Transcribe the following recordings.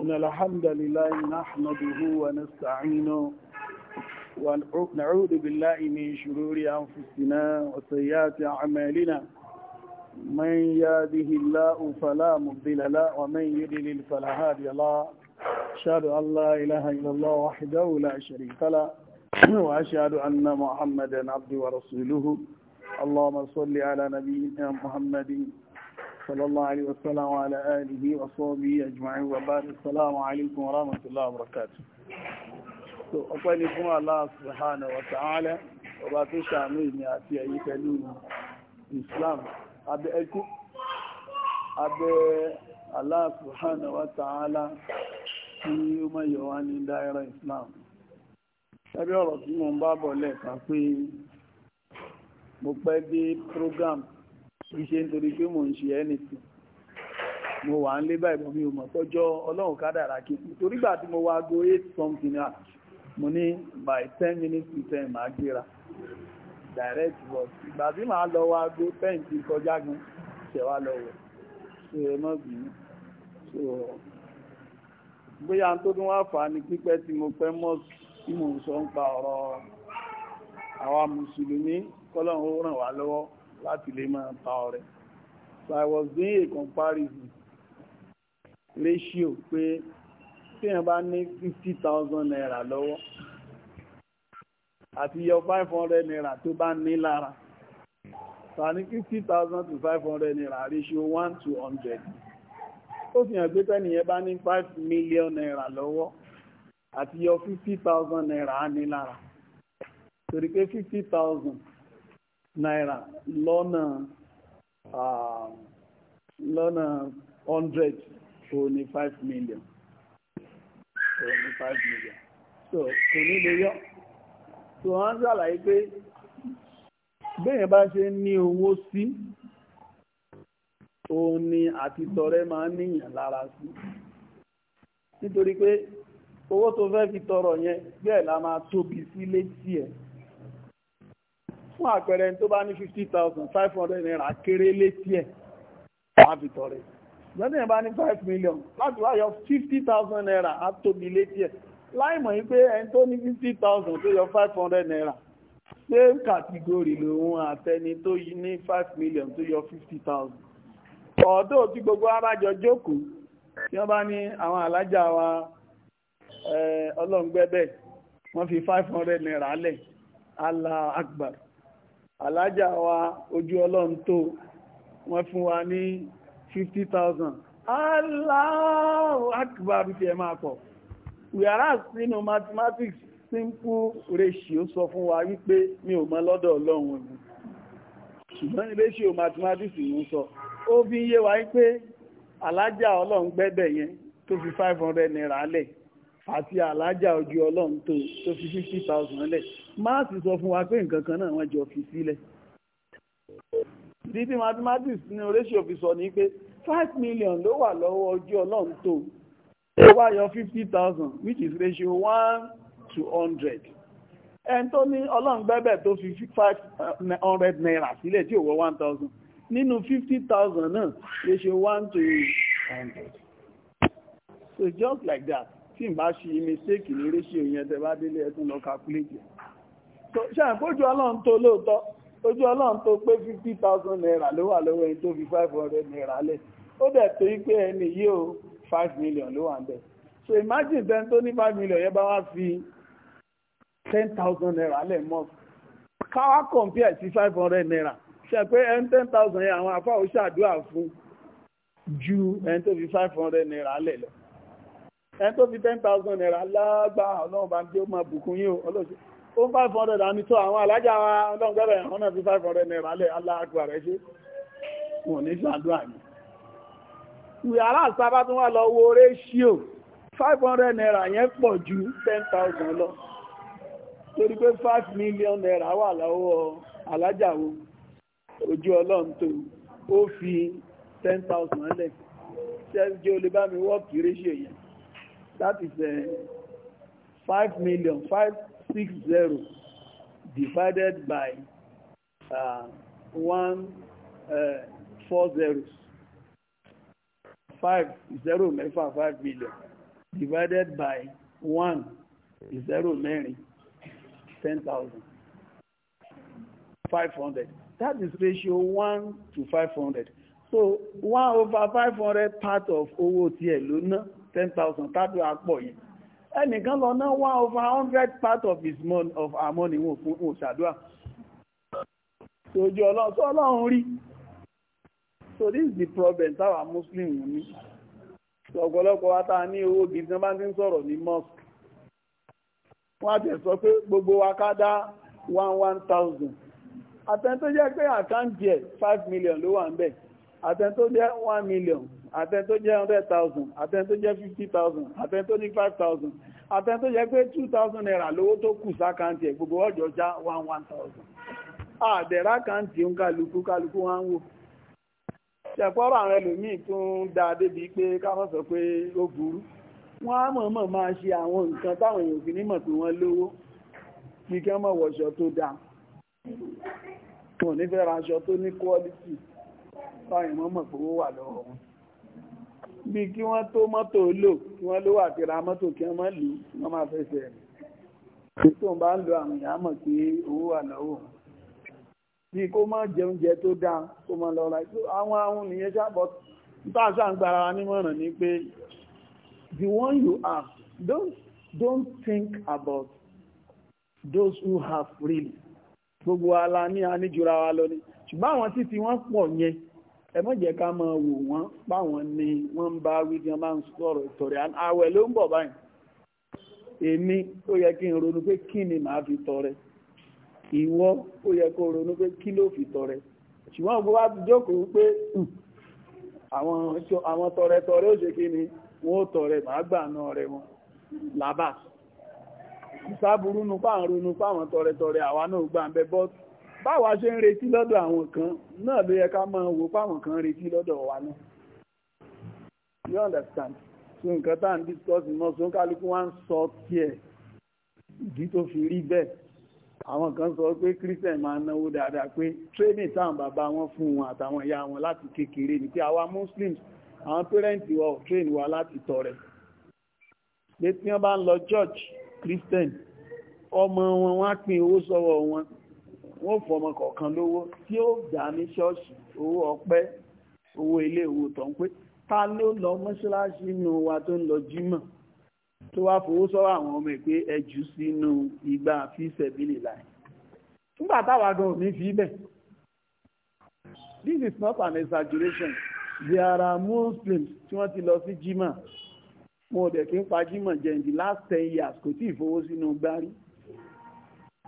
إن الحمد لله نحمده ونستعينه ونعود بالله من شرور أنفسنا وسيئات أعمالنا من ياده الله فلا مضل له ومن يضلل فلا هادي له أشهد أن لا إله إلا الله وحده لا شريك له وأشهد أن محمدا عبد ورسوله اللهم صل على نبينا محمد صلى الله عليه وسلم وعلى آله وصحبه أجمعين وبارك السلام عليكم ورحمة الله وبركاته ọpẹ́ ni fún Allah subhanahu wa ta'ala ọba tó ṣàánú ìní àti ẹ̀yí pẹ̀lú Islam abẹ́ ẹkú abẹ́ Allah subhanahu wa ta'ala tí ó mọ̀ yọ wá Islam ẹbí ọ̀rọ̀ tí mo ń bá bọ̀ lẹ́ẹ̀kan pé mo pẹ́ dé program kìí ṣe nítorí pé mò ń ṣe ẹnìtì mo wà ń lé báyìí mi ò mọ̀ tọ́jọ́ ọlọ́run kádàrá kí torí gbà tí mo wá go eight something hours mo ní by ten minutes to ten máa gbéra direct bus ìgbà tí màá lọ wá go ten ti kọjá gan ṣẹ̀wá lọ wọ̀ ṣe ẹ mọ́ bínú so bóyá tó tún wá fà á ní pípẹ́ tí mo pẹ́ mọ́ tí mò ń sọ ń pa ọ̀rọ̀ àwa mùsùlùmí kọ́lọ́run ó ràn wá lọ́wọ́ láti lè máa ta ọrẹ so i was doing a comparison ratio pé téèyàn bá ní fifty thousand naira lọ́wọ́ àti yọ five hundred naira tó bá ní lára ta ní fifty thousand to five hundred naira ratio one to hundred ó fi hàn pé tẹ́nìyẹn bá ní five million naira lọ́wọ́ àti yọ fifty thousand naira á ní lára torí pé fifty thousand naira lọ́nà lọ́nà hundred òní five million òní five million so kò ní lè yọ so wọ́n ṣàlàyé pé bẹ́ẹ̀ bá ṣe ní owó sí òun ni àti tọrẹ máa ń níyàn lára sí nítorí pé owó tó fẹ́ fi tọrọ yẹn bẹ́ẹ̀ la máa tóbi sí létí ẹ̀ fún àpẹẹrẹ tó bá ní fifty naira kéré létí ẹ̀ wọ́n á fi tọrẹ ìgbọ́n tẹ̀yìn bá ní five million láti wá yọ naira á tóbi létí ẹ̀ láìmọ̀ yí pé ẹni tó ní fifty thousand tó yọ five naira same category lòun àtẹni tó ní five million tó yọ fifty thousand ọ̀dọ́ tí gbogbo abájọ jókòó tí wọ́n bá ní àwọn alájà wa ọlọ́ngbẹ́bẹ̀ wọ́n fi five naira lẹ̀ Allah akbar alájà wa ojú ọlọ́run tó wọ́n fún wa ní 50,000 Allahu akbar bí ẹ máa kọ̀ whereas nínú mathematics simple ratio sọ fún wa wípé mi ò mọ lọ́dọ̀ ọlọ́run ni ṣùgbọ́n ní ratio mathematics ń sọ ó fi yé wa wípé alájà ọlọ́run gbẹ́bẹ̀ yẹn tó fi 500 naira lẹ̀ àti alájà ojú ọlọ́run tó fi 50,000 lẹ̀ máàsì sọ fún wa pé nǹkan kan náà wọ́n jọ fi sílẹ̀ títí mathematics ní oríṣìí fi ní pé five million ló wà lọ́wọ́ ojú ọlọ́run tó ó wá yọ fifty thousand which is ratio one to hundred ẹni tó ní ọlọ́run gbẹ́bẹ̀ tó fi five eh, hundred naira sílẹ̀ tí ò wọ one thousand nínú fifty thousand náà ratio one to hundred so just like that tí n bá ṣe mistake ní ratio yẹn tẹ bá délé ẹ tún lọ calculate it ṣàǹkójú ọlọ́run tó lóòótọ́ ojú ọlọ́run tó pé fifty thousand naira ló wà lọ́wọ́ ẹni tó fi 500 hundred naira lẹ̀ ó dẹ̀ tó yí pé ẹni yìí ó five million ló wà ń bẹ̀ so imagine ten tó ní five million yẹn bá wá fi ten thousand naira lẹ̀ mọ́ káwá compare sí five hundred naira ṣe pé ẹni ten thousand yẹn àwọn afáwọ́ ṣàdúrà fún ju ẹni tó fi five hundred naira lẹ̀ lọ ẹni tó fi ten thousand naira lágbá ọlọ́run bá ń dé ó máa bùkún yín o ọlọ́run ó hundred àmì tó àwọn alájá wa ọlọ́gbẹ̀rẹ̀ ọ̀nà sí 500 naira lẹ́ aláàgbà rẹ̀ ṣe wọn ní ṣàdúrà ní ìyàrá àsábá tó wà lọ wo réṣíò 500 naira yẹn pọ̀ ju 10,000 lọ torí pé 5 million naira wà lọ́wọ́ alájá wo ojú ọlọ́run tó ó fi 10,000 lẹ̀ ṣẹ́jọ́ olè bá mi wọ́ọ̀kì réṣíò yẹn that is uh, eh, 5 million five. Six zero divided by uh, 1 uh, 4 zeros 5 0 mẹ́fà 5 million divided by one zero 1 ten thousand five hundred. that is ratio one to five hundred. so one over five hundred part of owó tiẹ̀ ló ná 10,000 tábí àpọ̀ yìí ẹnìkan lọ ná one over hundred part of his money of our money wọn fún òṣàdúrà sojú ọlọ́run tó ọlọ́run rí so this is the problem táwa muslim ní ọ̀pọ̀lọpọ̀ wa tá a ní owó gidi tí wọ́n bá ti ń sọ̀rọ̀ ní mosque wọ́n á tẹ̀ sọ pé gbogbo wa ká dá one one thousand àtẹ̀ntó jẹ́ pé àkáǹtì ẹ̀ five million ló wà ń bẹ̀ àtẹn tó jẹ́ one million àtẹn tó jẹ́ hundred thousand àtẹn tó jẹ́ fifty thousand àtẹn tó ní five thousand àtẹn tó jẹ́ pé two thousand naira lówó tó kù sákàǹtì ẹ̀ gbogbo ọjọ́ já one one thousand àdẹ̀rà kàǹtì ń kálukú kálukú wá ń wò ṣẹ̀fọ́rọ̀ àwọn ẹlòmíì tó ń da débi pé káwọn sọ pé ó burú wọ́n á mọ̀ọ́mọ̀ máa ṣe àwọn nǹkan táwọn èèyàn òfin nímọ̀ pé wọ́n lówó kí kí wọ́n mọ̀ wọ̀ṣọ tó dáa wọn ò ní fẹ́ ra aṣọ tó ní quality táwọn èèyàn mọ̀ pé wà lọ́wọ́ wọn bí kí wọ́n tó mọ́tò lò kí wọ́n ló wà tí ra mọ́tò kí wọ́n mọ́ lù wọ́n máa fẹsẹ̀ rẹ̀ tó ń bá ń lo àwọn èèyàn mọ̀ pé owó wà lọ́wọ́ wọn bí kó má jẹ tó dáa kó má lọ àwọn ahun nìyẹn sábọ̀ nípa sáǹgbára wa nímọ̀ràn ni pé the one you have don't don't think about those who have really gbogbo ala ní aníjura wa lọ ni ṣùgbọ́n àwọn títí wọ́n pọ̀ yẹn ẹ má jẹ́ ká máa wò wọ́n páwọn ni wọ́n ń bá wí tí wọ́n bá ń sọ̀rọ̀ ìtọrẹ àwẹ̀ ló ń bọ̀ báyìí èmi ó yẹ kí n ronú pé kí ni màá fi tọrẹ ìwọ ó yẹ kó ronú pé kí ló fi tọrẹ ṣùgbọ́n gbogbo wa ti jókòó pé hmm, àwọn tọrẹ tọrẹ ó ṣe kí ni wọ́n ó tọrẹ màá gbà náà rẹ wọn làbà ìsáburú nu páwọn ronú páwọn tọrẹ tọrẹ àwa náà gbà ń bẹ bọ́ọ̀tù báwa ṣe ń retí lọ́dọ̀ àwọn kan náà ló yẹ ká máa wò páwọn kan retí lọ́dọ̀ wa náà you understand so nǹkan tá à ń discuss mọ́ so kálukú wá ń sọ tiẹ̀ ìdí tó fi rí bẹ́ẹ̀ àwọn kan sọ pé christian máa náwó dáadáa pé training táwọn bàbá wọn fún wọn àtàwọn ìyá wọn láti kékeré ni pé àwa muslims àwọn pẹ́rẹ́ǹtì wa ò train wa láti tọrẹ pé tí wọ́n bá ń lọ church christian ọmọ wọn wá pín owó sọ́wọ́ wọn wọ́n fọmọ kọ̀ọ̀kan lówó tí ó dá ní ṣọ́ọ̀ṣì owó ọpẹ́ owó ilé owó tó ń pé ta ló lọ mọ́ṣáláṣí nínú wa tó ń lọ jímọ̀ tó wá fowó sọ́wọ́ àwọn ọmọ ẹ̀ pé ẹ jù sínú igba láì nígbà táwa gan ò ní fi bẹ̀ this is not an exaggeration there are muslims tí wọ́n ti lọ sí jímọ̀ wọn ò dẹ̀ kí ń pa jímọ̀ jẹ́ in the last ten years kò tí ì fowó sínú gbárí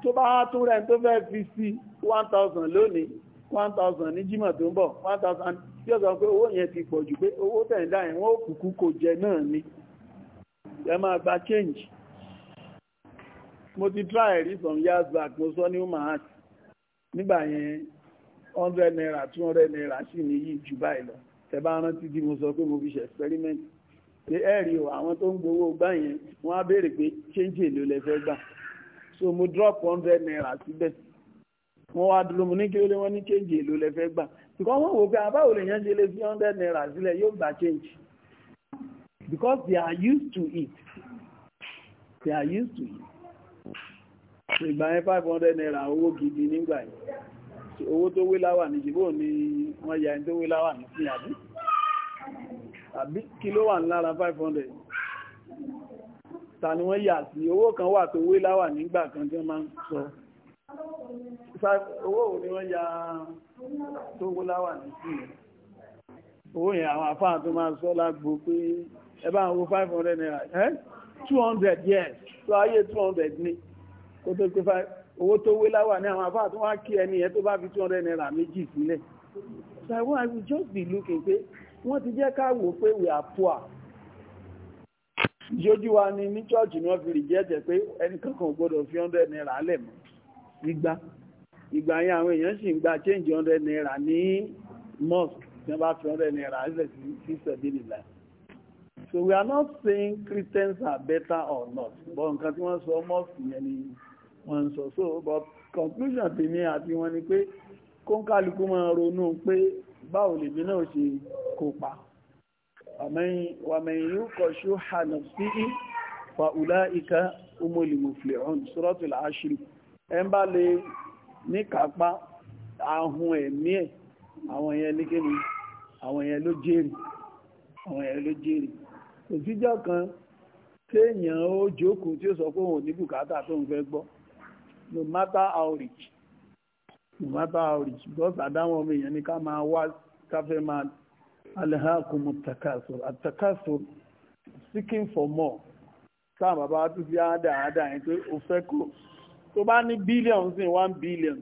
tó bá tún rẹ̀ tó fẹ́ fi sí 1000 lónìí 1000 ní jímọ̀ tó ń bọ̀ 1000 tí ó sọ pé owó yẹn ti pọ̀ jù pé owó tẹ̀ǹdà yẹn wọ́n kúkú kò jẹ náà ni ẹ máa gba change mo ti try rí from years back mo sọ ní umahat nígbà yẹn 100 naira 200 naira sì ní yìí jù báyìí lọ tẹ bá rántí bí mo sọ pé mo fi ṣe experiment pé ẹ̀rí o àwọn tó ń gbowó gbá yẹn wọ́n á béèrè pé change èlò lẹ gbà so mo drop hundred naira síbẹ̀ wọ́n wá dúró mo ní kí ó lé wọ́n ní change èlò lẹ fẹ́ gbà because wọ́n wò pé àbáwò ah, lè yànjẹ lé fi hundred naira sílẹ̀ yóò gbà change because they are used to it they are used to it ìgbà yẹn five hundred naira owó gidi nígbà yẹn owó tó wé láwà ní ṣìbò ní wọ́n yà tó wé láwà ní sí àbí àbí kí ló wà ní five hundred ta ni wọ́n yà sí owó kan wà tó wé láwà nígbà kan tí wọ́n máa ń sọ owó wo ni wọ́n ya tó wó láwà ní owó yẹn àwọn àfáà tó máa sọ lágbo pé ẹ bá wo five hundred naira ẹ two hundred yes tó ayé two hundred ni kó tó pé five owó tó wé láwà ní àwọn àfáà tó wá kí ẹni yẹn tó bá fi two hundred naira méjì sílẹ̀ so I will just be looking pé wọ́n ti jẹ́ ká wò pé we are poor ìṣojú wa ni ní chọ́ọ̀chì ni wọ́n fi rìjẹ́jẹ̀ pé ẹnìkankan ò gbọ́dọ̀ fi hundred naira lẹ̀ mọ́ igba ìgbà yẹn àwọn èèyàn sì ń gba change hundred naira ní mosque tí wọ́n bá fi hundred naira lẹ̀ sí sísẹ̀ nìlá so we are not saying Christians are better or not but nǹkan tí wọ́n sọ mosque yẹn ni wọ́n sọ so but conclusion tèmi àti wọn ni pé kóńkálukú máa ronú pé báwo lèmi náà ṣe kópa. ومن يوق شح نفسه فأولئك هم المفلحون سورة العشر ẹn bá lè ní kápá ahun ẹ̀mí ẹ̀ àwọn èèyàn ní kí ni àwọn èèyàn ló jèrè àwọn èèyàn ló jèrè kò síjọ́ kan téèyàn ó jókòó tí ó sọ pé òun ò ní bùkátà tó ń fẹ́ gbọ́ no matter how rich no matter how rich because àdáwọn ọmọ èèyàn ni ká máa wá ká fẹ́ máa Alahakum takasur atakasur seeking for more sáà bàbá tó fi áádà áádà yẹn pé o fẹ́ kó tó bá ní bílíọ̀n sí one billion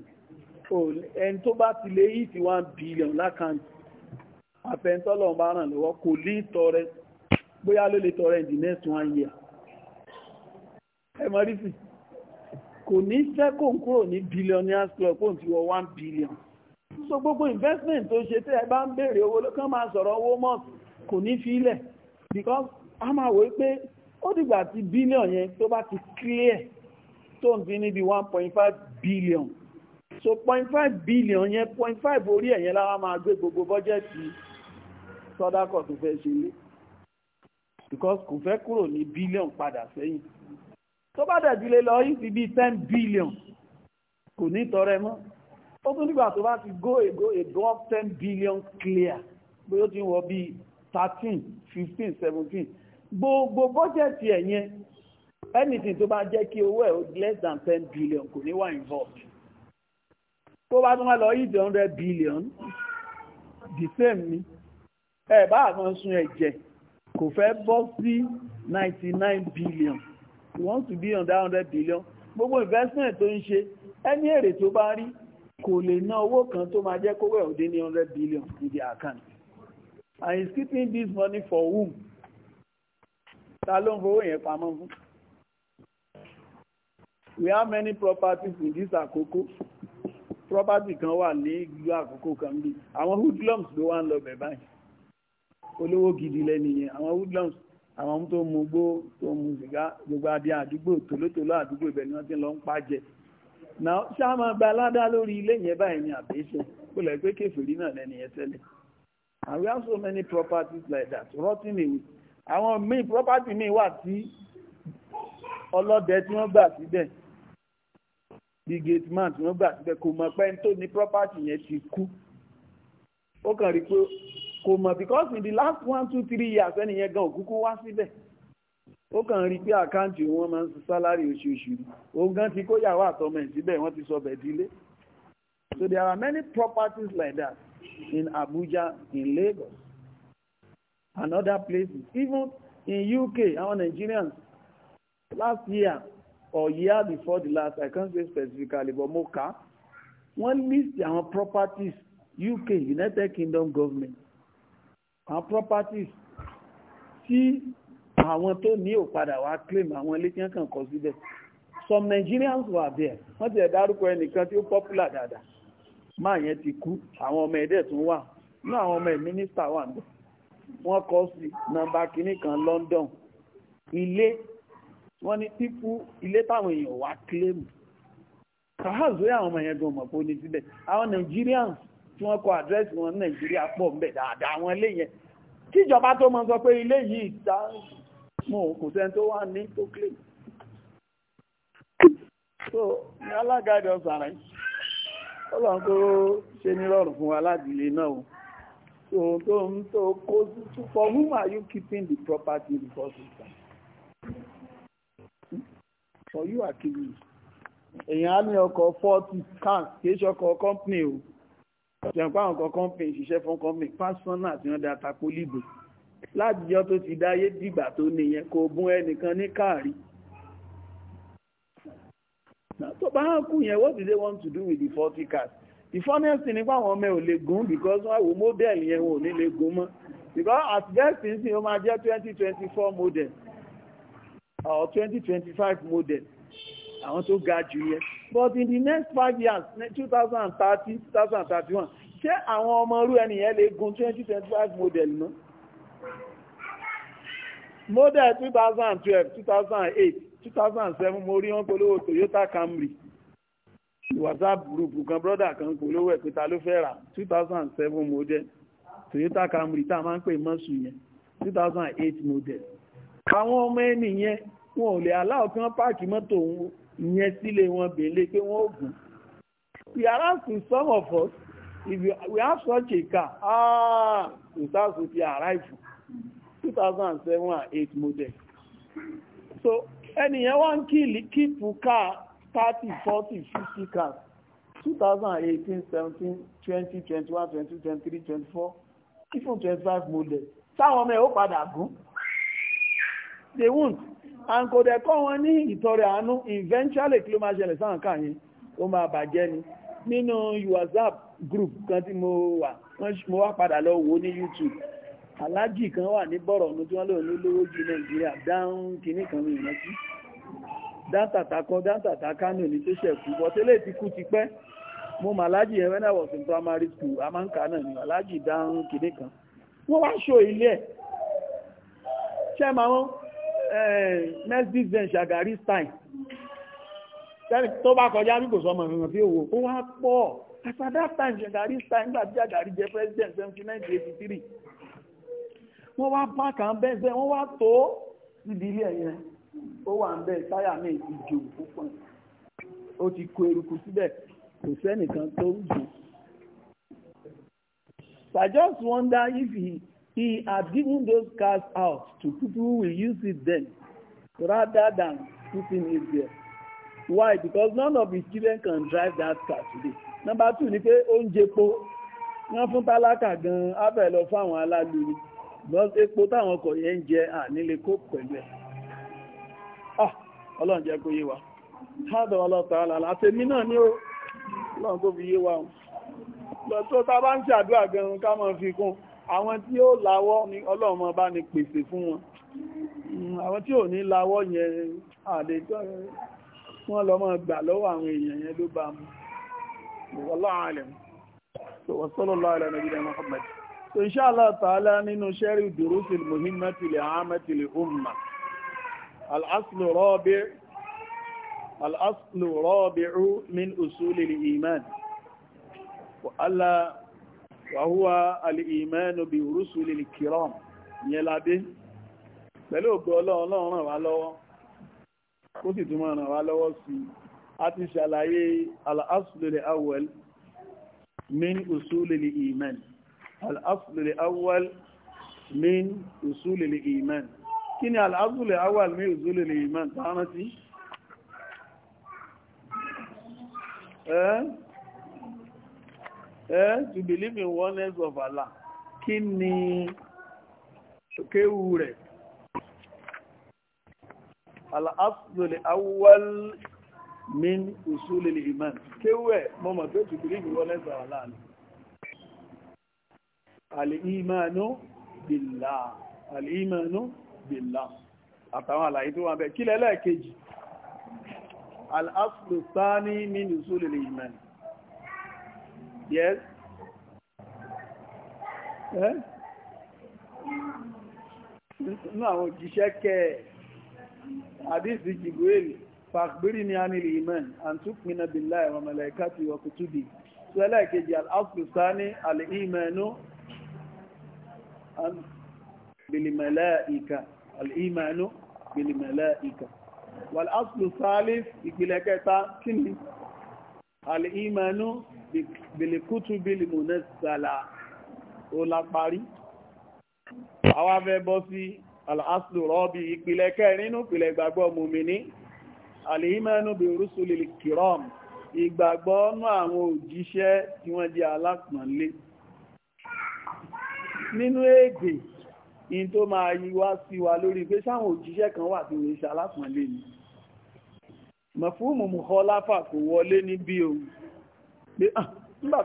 ẹni tó bá ti lé yìí ti one billion lákàntì àfẹ́ntọ́lọ̀ bá ràn lọ́wọ́ kò lè tọrẹ bóyá ló lè tọrẹ in the next one year ẹmọ rí sí kò ní fẹ́ kó ń kúrò ní billionaires club kó ń ti wọ one billion so gbogbo investment tó ṣe tẹ́ ẹ bá ń béèrè owó lókàn máa sọ̀rọ̀ owó mọ́ kò ní fi ilẹ̀ because a máa wòó pé ó dìgbà tí billion yẹn tó bá ti clear tó ń fi níbi 1.5 billion so 0.5 billion yẹn 0.5 orí ẹ̀ yẹn láwa máa gbé gbogbo bọ́jẹ́tì sọ́dákọ̀ tó fẹ́ ṣe lé because kò fẹ́ kúrò ní billion padà sẹ́yìn tó bá dẹ̀ ti lè lọ yìí ti bí 10 billion kò ní tọrẹ mọ́ ó tún nígbà tó bá ti go ago above ten billion clear bóyá ó ti ń wọ bíi thirteen fifteen seventeen gbogbo bọ́jẹ̀tì ẹ̀ yẹn anything tó bá jẹ́ kí owó ẹ̀ less than ten billion kò ní wà involved tó bá tún wá lọ yìí one hundred billion the same ni ẹ bá àwọn sun ẹ̀jẹ̀ kò fẹ́ bọ́ sí ninety nine billion you want to be on hundred billion gbogbo investment tó ń ṣe ẹni èrè tó bá rí kò lè ná owó kan tó máa jẹ́ kówẹ̀ òdé ní 100 billion in the account and he's keeping this money for whom ta ló ń fowó yẹn pamọ́ fún we have many properties in this àkókò property kan wà ní ìlú àkókò kan bí àwọn hoodlums ló wá ń lọ bẹ̀ báyìí olówó gidi lẹ́nu yẹn àwọn hoodlums àwọn tó mu gbó tó mu sìgá gbogbo adé àdúgbò tòlótòló àdúgbò ibẹ̀ ni wọ́n ti lọ ń pàjẹ́ náà ṣáàmà gba aládá lórí ilé yẹn báyìí ní àbẹ́ṣẹ́ kó lẹ́ pé kèfèrí náà lẹ́ni yẹn tẹ́lẹ̀ and we have so many properties like that rotting. away àwọn míì property míì wà tí ọlọ́dẹ tí wọ́n gbà síbẹ̀ bí gateman tí wọ́n gbà síbẹ̀ kò mọ̀ pé tó ní property yẹn ti kú ó kàn rí pé kò mọ̀ because in the last one two three years ẹni yẹn gan òkúkú wá síbẹ̀. Si ó kàn rí pé àkáǹtì wọn máa ń san sálárì oṣooṣù òun gan ti kó yàwó àtọmọ ẹ̀ síbẹ̀ ti sọ bẹ̀ so there are many properties like that in Abuja in Lagos and other places even in UK our Nigerians last year or year before the last I can't say specifically but Moka, kà list àwọn properties UK United Kingdom government àwọn properties tí àwọn tó ní ò padà wá claim àwọn ilé tí wọ́n kàn kọ́ síbẹ̀ some Nigerians were there wọ́n ti ẹ̀ dárúkọ ẹnìkan tí ó popular dáadáa máa yẹn ti kú àwọn ọmọ ẹ̀dẹ̀ tún wà ní àwọn ọmọ ẹ̀ mínísítà wà ní wọ́n kọ́ sí nọ́mbà kìíní kan London ilé wọ́n ní pípú ilé táwọn èèyàn wá claim kàhàzó àwọn ọmọ yẹn gan pé ó ní síbẹ̀ àwọn Nigerians tí wọ́n kọ àdírẹ́sì wọn Nàìjíríà pọ̀ ń bẹ̀ dáadáa àwọn ilé yẹn kíjọba tó mọ sọ pé ilé yìí mú kò sẹ́ni tó wà ní tó claim so ní alága ìjọ sàrà ọlọ́run ṣe ní rọrùn fún aládìlé náà so tó ń tó kó for whom are you keeping the property before system for you are keeping èèyàn á ní ọkọ̀ forty cars kìí ṣe ọkọ̀ company o ṣe ń pa àwọn ọkọ̀ company ṣiṣẹ́ fún company personal tí wọ́n dá tako libre látijọ́ tó ti dáyé dìgbà tó nìyẹn kò bún ẹnìkan ní káàrí tó bá ń kú yẹn what do they want to do with the forty cars the funnest thing nípa àwọn ọmọ ò lè gùn because wọ́n wo model yẹn wọn ní lè gùn mọ́ because at best ní sin ó máa jẹ́ twenty model or 2025 model àwọn tó ga jù yẹn but in the next five years two thousand and thirty two thousand and thirty one ṣé àwọn ọmọ irú ẹnìyẹn lè gùn twenty model náà model 2012, 2008, 2007. two thousand eight mo rí wọn polówó Toyota Camry WhatsApp group kan brother kan polówó ẹ̀ pé ta ló fẹ́ rà two thousand seven model Toyota Camry tá a máa ń pè mọ́sù yẹn two thousand eight model àwọn ọmọ ẹni yẹn wọn ò lè aláwọ̀ kí wọ́n páàkì mọ́tò yẹn sílé wọn bèèlè pé wọ́n ò gùn we are asking some of us if we have such a car ah without we arrive 2007 8 model so ẹnìyẹn wá ń kíìlì kíìpù káà 30 40 50 cars 2018 17 20 21 22 23 24 even 25 model táwọn ọmọ ẹ̀ ó padà gún they won't and kò dẹ̀ kọ́ wọn ní ìtọrẹ àánú eventually kí ló máa ṣẹlẹ̀ sáà káà yẹn ó máa bàjẹ́ ni nínú whatsapp group kan tí mo wà mo wá padà lọ wò ní youtube alájì kan wà ní bọ̀rọ̀ ọ̀nà tí wọ́n lò ní lówó jù nàìjíríà dáhùn kìíní kan ní ìrántí dáńtàtà kan dáńtàtà kánò ní tó ṣẹ̀kú bọ́tẹ́lẹ̀ ti kú ti pẹ́ mo mà alájì when I was in primary school a máa ń kà náà ní alájì dáhùn kìíní kan wọ́n wá ṣó ilé ẹ̀ ṣe máa wọ́n eh, mercedes benz Shagari stein tó bá kọjá bí kò sọmọ ìrìnà tí ó wò ó wá pọ̀ at that time Shagari stein gbà tí Shagari jẹ́ president 1983 wọ́n wá páàkà ń bẹ́ẹ̀ wọ́n wá tó síbi ilé ẹ̀yẹn ó wà ń bẹ́ẹ̀ táyà mi ti púpọ̀ ó ti kó eruku síbẹ̀ kò sẹ́nìkan tó ń jò. I just wonder if he, he had given those cars out to people who will use it then rather than putting it there. Why? Because none of his children can drive that car today. Number two ni pé oúnjẹ po wọ́n fún tálákà gan-an á lọ fún àwọn aláàlú epo táwọn ọkọ̀ yẹn ń jẹ ànílé kó pẹ̀lú ẹ̀ ọlọ́run jẹ́ kó yé wa ṣáàdọ̀ ọlọ́tàálà àtẹ̀mí náà ní ó lọ́n kó fi yé wa lọ́tọ́ tá bá ń ṣàdúrà gan-an ká mọ́ fi kún àwọn tí ó láwọ́ ni ọlọ́run mọ́ bá ní pèsè fún wọn hmm, àwọn tí ò ní láwọ́ yẹn àdéjọ́ wọn lọ mọ́ gbà lọ́wọ́ àwọn èèyàn yẹn ló bá mú ọlọ́run alẹ́ so inshallah ta'ala nínú sẹ́rí durusil muhimmati li aamati li umma al'aslu rabi' al'aslu rabi'u min usuli al-iman wa alla wa huwa al-iman bi rusuli al-kiram yẹn lábẹ́ pẹ̀lú ògbó ọlọ́run ràn wá lọ́wọ́ kó sì tún máa ràn wá lọ́wọ́ sí a ti al-awwal min usuli al-iman al-aslu al-awwal min usul al-iman kí ni al-aslu al-awwal min to believe in oneness of Allah kí ni kéwú rẹ̀ al-aslu al-awwal min usul al-iman kéwú ẹ̀ mọ́mọ̀ tó to believe in oneness of Allah alìmánú bìlá alìmánú bìlá àtàwọn àlàyé tó wà bẹ̀ kí lẹ́lẹ́ kejì al'aslu sáni min usul al yes eh nínú àwọn òjíṣẹ́ kẹ àdísì jìgbóèlì fàkbírí ni a nílì iman and tukmina billahi wa malaikati wa kutubi sọ́lẹ́kejì al'aslu sáni alìmánú bìlá bilimalaika al'imanu bilimalaika wal aslu salif ìpìlẹ̀ kẹta kíni al'imanu bilikutu bilimunasala ó láparí àwa fẹ́ bọ́ sí al'aslu rọ́bì ìpìlẹ̀ kẹrin nínú ìpìlẹ̀ ìgbàgbọ́ mùmìnì al'imanu bi rusulil kiram ìgbàgbọ́ nú àwọn òjíṣẹ́ tí wọ́n jẹ́ alápọ̀nlé nínú èdè in tó máa yí wá sí wa lórí pé sáwọn òjíṣẹ́ kan wà tí wọ́n ṣe alápọ̀nlé ni mọ̀fúnmù mọ̀kọ́ láfà kò wọlé ní bí o ah, nígbà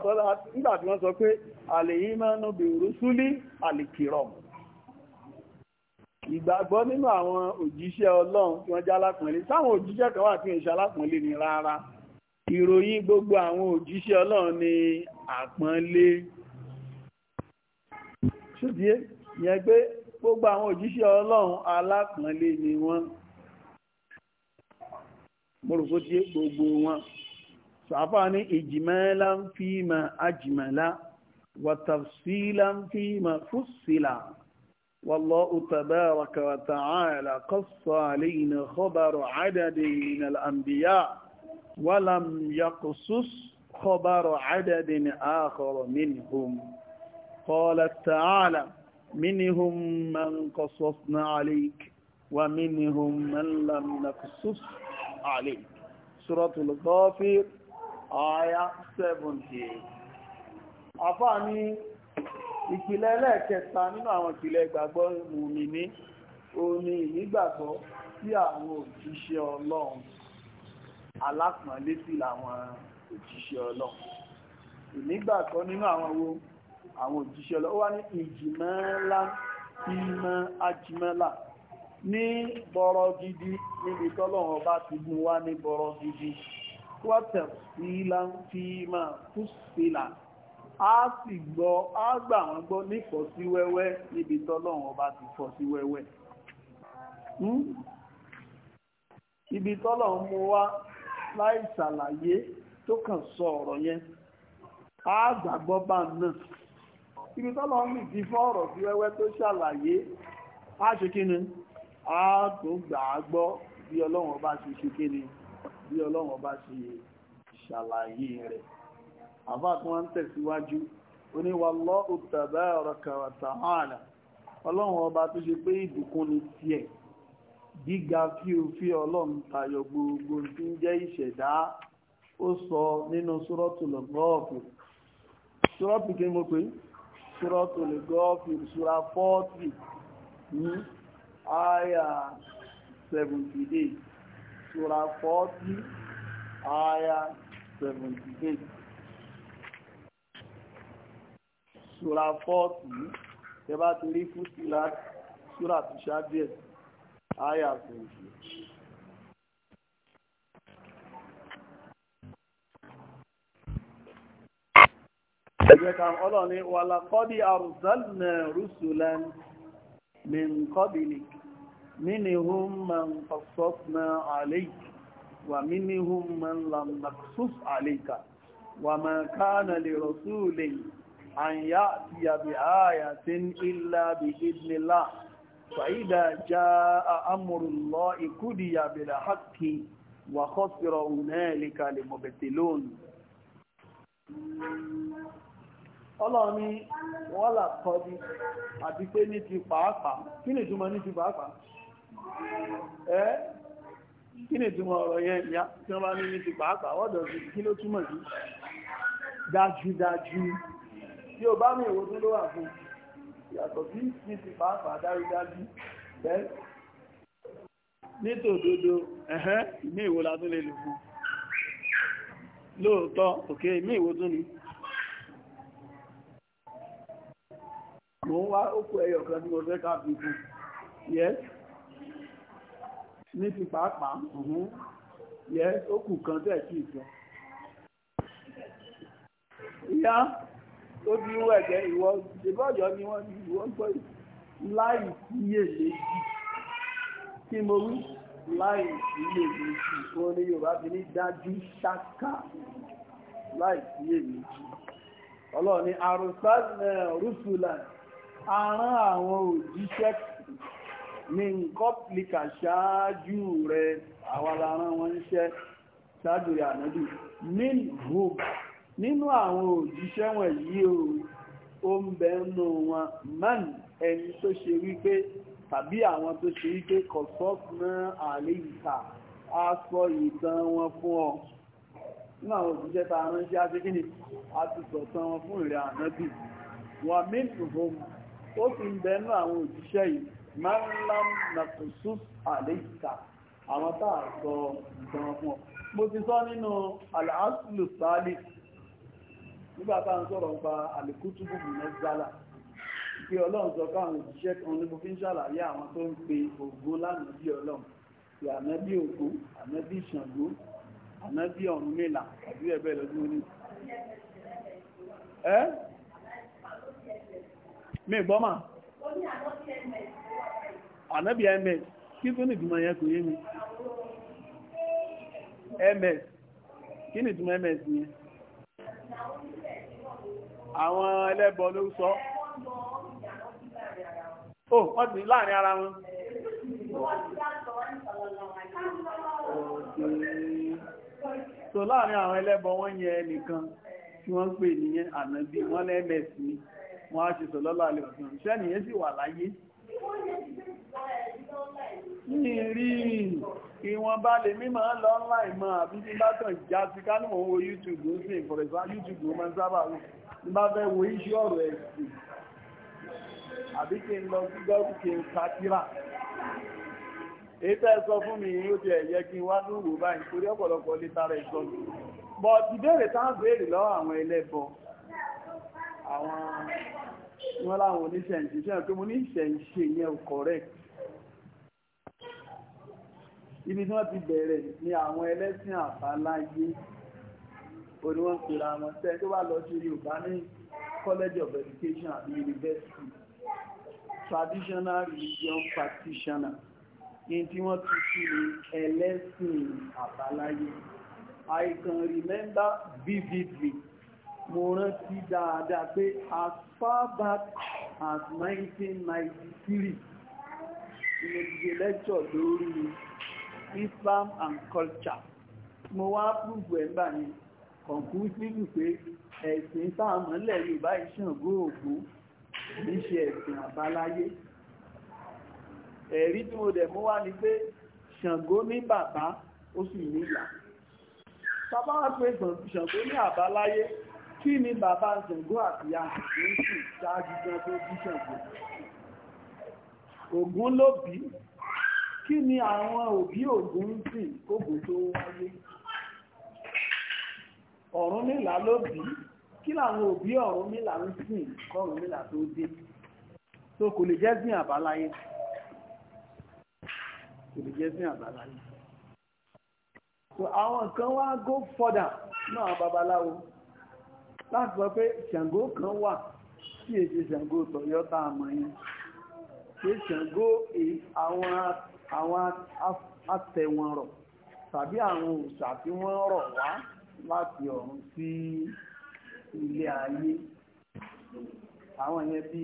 tí wọ́n sọ pé àlèyí máa ń bí rúsúlí àlèkìrọ̀ ìgbàgbọ́ nínú àwọn òjíṣẹ́ ọlọ́run tí wọ́n jẹ́ alápọ̀nlé sáwọn òjíṣẹ́ kan wà tí wọ́n ṣe alápọ̀nlé ni rárá ìròyìn gbogbo àwọn òjíṣẹ́ ọlọ́run ni àpọ́nlé ṣùdíé yẹn pé gbogbo àwọn òjíṣẹ́ ọlọ́run alápọ̀nlé ni wọ́n mọ́rùsótíé gbogbo wọn sàfà ní ìjìmẹ́lá ń fi ma ajìmẹ́lá wàtàfsílá ń fi ma fúsílà والله تبارك وتعالى قص علينا خبر عدد من الأنبياء ولم يقصص خبر عدد آخر منهم قال تعالى منهم من قصصنا عليك ومنهم من لم نقصص عليك سورة الغافر آية 70 àfáàní ìpìlẹ̀ ẹlẹ́ẹ̀kẹta nínú àwọn ìpìlẹ̀ ìgbàgbọ́ mùmìnì òní ìnígbàgbọ́ sí àwọn òjíṣẹ́ ọlọ́run alápọ̀nlé sí làwọn òjíṣẹ́ ọlọ́run ìnígbàgbọ́ nínú àwọn owó àwọn òjíṣẹ́ lọ ó wá ní ìjìmọ́lá ìmọ̀ ajímọ́lá ní bọ̀rọ̀ gidi níbi tọ́lọ̀wọ̀ bá ti mú wá ní bọ̀rọ̀ gidi kwọ́tẹ̀ sílá fi máa kú sílá a sì gbọ́ a gbà wọ́n gbọ́ nífọ̀ hmm? láì ṣàlàyé tó kàn sọ ọ̀rọ̀ yẹn a gbàgbọ́ bá náà ibi tọ́lọ ń rìn fún ọ̀rọ̀ sí wẹ́wẹ́ tó ṣàlàyé á kí ni a tó gbà á gbọ́ bí ọlọ́run ọba ṣe ṣe kí ni bí ọlọ́run ọba ṣe ṣàlàyé rẹ̀ àbá tó wọ́n ń tẹ̀síwájú oníwàlọ́hù tabaraka wa ta'ala ọlọ́run ọba tó ṣe pé ìbùkún ni tiẹ̀ gíga fíofí ọlọ́run tayọ gbogbo tí ń jẹ́ ìṣẹ̀dá ó sọ nínú súrọ́tù lọ́gbọ́ọ̀fù súrọ́tù kí mo pè é Suratul Ghafir sura 40 ní àyà 78 sura 40 àyà 78 sura 40 tẹ́bá ti rí fún sílá sura tó ṣáájú ẹ̀ àyà 78 ẹgbẹ́ kan ọlọ́ni wà lákọ́dí àrùsálìnà rúsùlán mìíkọ́bìnì mínihun man fasọ́tna àlèkì wà mínihun man lamnaksus àlèkà wà ma kánà lè rọ̀súlẹ̀ àyà ti yàbí àyà tí ń ilá bí ìdínlá fàídà já àmúrùlọ́ ìkúdí yàbí làhákì wà kọ́sìrọ̀ hunẹ́lìkà lè mọ̀bẹ̀tẹ̀lónì ọlọ́run ní wọ́là kọ́dí àti pé ní ti pàápàá kí ni ìtumọ̀ ní ti pàápàá ẹ́ kí ni ìtumọ̀ ọ̀rọ̀ yẹn ìyá tí wọ́n bá ní ní ti pàápàá ọ̀dọ̀ sí kí ló túmọ̀ sí dájúdájú tí ó bá mi ìwò tó ló wà fún yàtọ̀ sí ní ti pàápàá dájúdájú bẹ́ẹ̀ nítòdodo ẹ̀hẹ́ ìmí ìwò la tún lè lò fún lóòótọ́ òkè ìmí ìwò tún ni mo ń wá ó kú ẹyọ kan tí mo fẹ́ ká fi kú yes ní ti pàápàá mm-hmm. yes ó kù kan tẹ̀ sí ìjọ ìyá tó bí wọ ẹ̀gẹ́ ìwọ ìbọ́jọ́ ni wọ́n ní ìwọ gbọ́ láì síyè méjì kí mo wí láì síyè méjì wọn ní Yorùbá fi ní dájú ṣáká láì síyè méjì Ọlọ́run àrùsá rúṣùlà arán àwọn òjíṣẹ́ ní kọ́pìlìkà ṣáájú rẹ̀ àwọn alárán wọn ṣẹ́ ṣáájú rẹ̀ ànábì min hob nínú àwọn òjíṣẹ́ wọn yìí o ń bẹ nù wọn man ẹni tó ṣe wípé tàbí àwọn tó ṣe wípé kọ̀sọ́ọ̀nà àlè ìta a sọ ìtàn wọn fún ọ nínú àwọn òjíṣẹ́ ta ránṣẹ́ àti kíni a ti sọ̀tàn wọn fún ìrẹ̀ ànábì wọn min hob ó sì ń bẹnu àwọn òjíṣẹ́ yìí máa ń lá nàkùsù àléìkà àwọn táà sọ ìtàn fún ọ mo ti sọ nínú aláàsùlù sáàlì nígbà tá ń sọ̀rọ̀ nípa àlékútùbùbù mẹ́sàlá pé ọlọ́run sọ káwọn òjíṣẹ́ kan ní mo fi ń ṣàlàyé àwọn tó mi gbọ́mà ànábì ms kí tó ní ìdùnmọ̀ yẹn kò yé mi ms kí ní ìdùnmọ̀ ms yẹn àwọn ẹlẹ́bọ ló sọ ó wọ́n ti láàrin ara wọn so láàrin àwọn ẹlẹ́bọ wọ́n yẹn nìkan tí wọ́n ń pè ní ànábì wọ́n lẹ́mẹ̀ẹ́sì ni wọ́n á ṣe sọ̀lọ́lọ́ àlèwọ̀sán ṣẹ́ nìyẹn sì wà láyé ní rí ìwọ̀n bá lè mímọ̀ lọ ńlá ìmọ̀ àbí tí bá kàn já sí ká ní wọ́n wo YouTube ń sìn for example YouTube ó máa ń sábà wù ní bá fẹ́ wo iṣẹ́ ọ̀rọ̀ ẹ̀sìn àbí kí n lọ sí gọ́ọ̀kù kí n kátírà ètò ẹ̀sọ fún mi yóò ti ẹ̀yẹ kí n wá ní òwò báyìí torí ọ̀pọ̀lọpọ̀ lè tara ẹ̀sọ́ bọ̀ ti béèrè tá béèrè lọ́wọ́ àwọn ẹlẹ́bọ àwọn wọ́n láwọn oníṣẹ̀ǹṣe ṣe pé mo ní ìṣẹ̀ǹṣe yẹn correct ibi tí wọ́n ti bẹ̀rẹ̀ ni àwọn ẹlẹ́sìn àbáláyé orí wọ́n pèrè àwọn tẹ́ tó bá lọ sí Yorùbá ní College of Education àti University traditional religion practitioner ní tí wọ́n ti sí ẹlẹ́sìn àbáláyé I can remember vividly mo rántí dáadáa pé as far back as 1993 In the lecture lórí Islam and culture mo wá púpù ẹ̀mbà ni conclusive pé ẹ̀sìn sáàmọ́lẹ̀ Yorùbá ìṣàngó ògbó ní ṣe ẹ̀sìn àbáláyé ẹ̀rí tí mo dẹ̀ mú wá ni pé Ṣàngó ní bàbá ó sì ní ìyá sábà pé Ṣàngó ní àbáláyé kí ni bàbá ṣẹ̀gó àtìyà ṣẹ́sì ṣáájú gan tó bí ṣẹ̀gó Ògún ló bí kí ni àwọn òbí Ògún ń sìn kógun tó wáyé Ọ̀rúnmìlà ló bí kí làwọn òbí Ọ̀rúnmìlà ń sìn kọ́rúnmìlà tó dé tó kò lè jẹ́ sìn àbáláyé kò lè jẹ́ sìn àbáláyé so àwọn kan wá go further náà babaláwo láti sọ pé ṣàngó kan wà tí èsì ṣàngó toyota àmọ́yìn tí ṣàngó àwọn atẹ̀wọ̀nrọ̀ tàbí àwọn òṣà tí wọ́n rọ̀ wá láti ọ̀run sí ilé ayé àwọn yẹn bí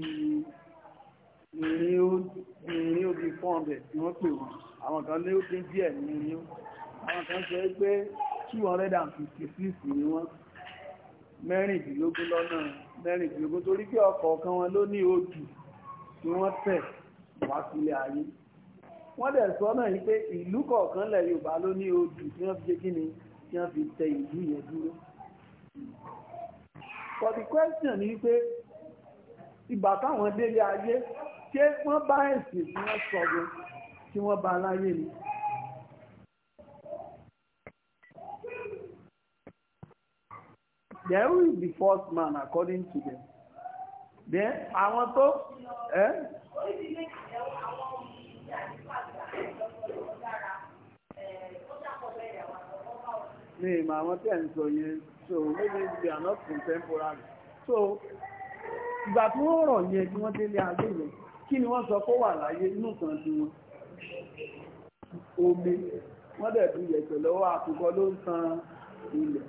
irin ó bí 400 tí wọ́n pè wọ́n àwọn kan lé ó dín díẹ̀ ní irin ó àwọn kan sọ pé 256 ni wọ́n mẹ́rìndínlógún lọ́nà mẹ́rìndínlógún torí pé ọ̀kọ̀ọ̀kan wọn ló ní odù tí wọ́n tẹ̀ wá sílẹ̀ ayé wọ́n dẹ̀ sọ náà yìí pé ìlú kọ̀ọ̀kan lẹ̀ Yorùbá ló ní odù tí wọ́n fi ṣe kí ni tí wọ́n fi tẹ ìlú yẹn dúró for the question ni pé ìgbà táwọn délé ayé ṣé wọ́n bá ẹ̀sìn tí wọ́n sọ̀rọ̀ tí wọ́n bá láyé ni there is the first man according to them then àwọn tó ẹ́ eh? ní ìmọ̀ àwọn tí ẹ̀ ń sọ yẹn so maybe they are not contemporary so ìgbà tí wọ́n rọ̀ yẹn tí wọ́n délé ayé yẹn kí ni wọ́n sọ kó wà láyé inú kan tí wọ́n omi wọ́n dẹ̀ bí yẹ̀tẹ̀ lọ́wọ́ àkùkọ ló ń tan ilẹ̀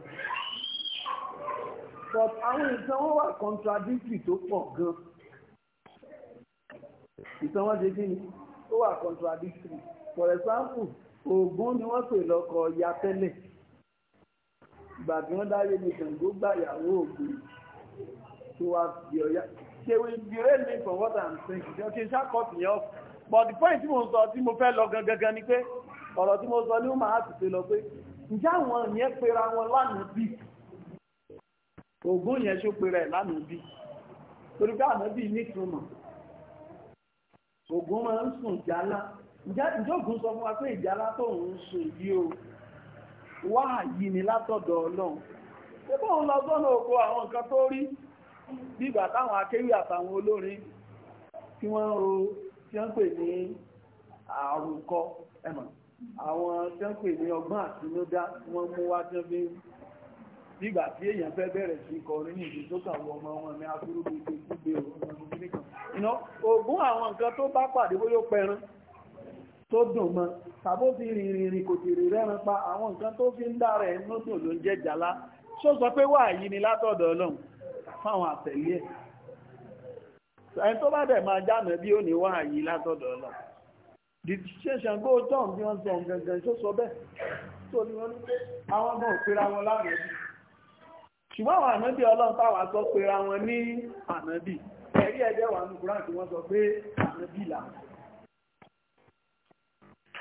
but àwọn ìtàn wọn wà contradictory tó pọ̀ gan ìtàn wọn ṣe kí ni ó wà contradictory for example Ògún ni wọ́n pè lọ́kọ ya tẹ́lẹ̀ ìgbà tí wọ́n dáyé ní Ṣàngó gbàyàwó Ògún tó wá di Ọya they will derail me from what I'm saying ṣe kí n ṣàkọ́ sí yẹn but the point tí mo sọ tí mo fẹ́ lọ gangan ni pé ọ̀rọ̀ tí mo sọ ní ó máa ti ṣe lọ pé ǹjẹ́ àwọn ìyẹn pera wọn lánàá bíi ògún yẹn ṣó pe rẹ̀ lánàá bí torí pé ànábì nítumọ̀ ògún máa ń sùn jálá sọ fún wa pé ìjálá tó ń sùn o wá yìí ni látọ̀dọ̀ ọlọ́run lọ sọ́nà oko àwọn nǹkan tó rí bígbà táwọn akéwì àtàwọn olórin tí wọ́n ro tí wọ́n pè ní ẹ̀mọ̀ àwọn tí nígbà tí èèyàn fẹ́ bẹ̀rẹ̀ sí kọrin ní ìdí tó kàn wọ ọmọ wọn ní afúrú gbogbo gbogbo ọmọ gbogbo nìkan iná ogún àwọn nǹkan tó bá pàdé bóyá pẹran tó dùn mọ́ tàbó fi rìnrìn rìn kò tèrè rẹ́ran pa àwọn nǹkan tó fi ń dá rẹ̀ inú dùn ló ń jẹ́ jàlá ṣó sọ pé wà yìí ni látọ̀dọ̀ ọlọ́run fáwọn àtẹ̀lé ẹ̀ ẹni tó bá dẹ̀ máa jáàmù bí ó ní wà yìí látọ̀dọ̀ ọlọ́run decision go down bí wọ́n sọ gangan ṣó sọ bẹ́ẹ̀ tó ní wọ́n ní pé àwọn ọmọ òpera wọn lábẹ́ ṣùgbọ́n àwọn ànábì ọlọ́run táwa sọ pé ra wọn ní ànábì ẹ̀rí ẹ̀jẹ̀ wà ní kúrán tí wọ́n sọ pé ànábì làwọn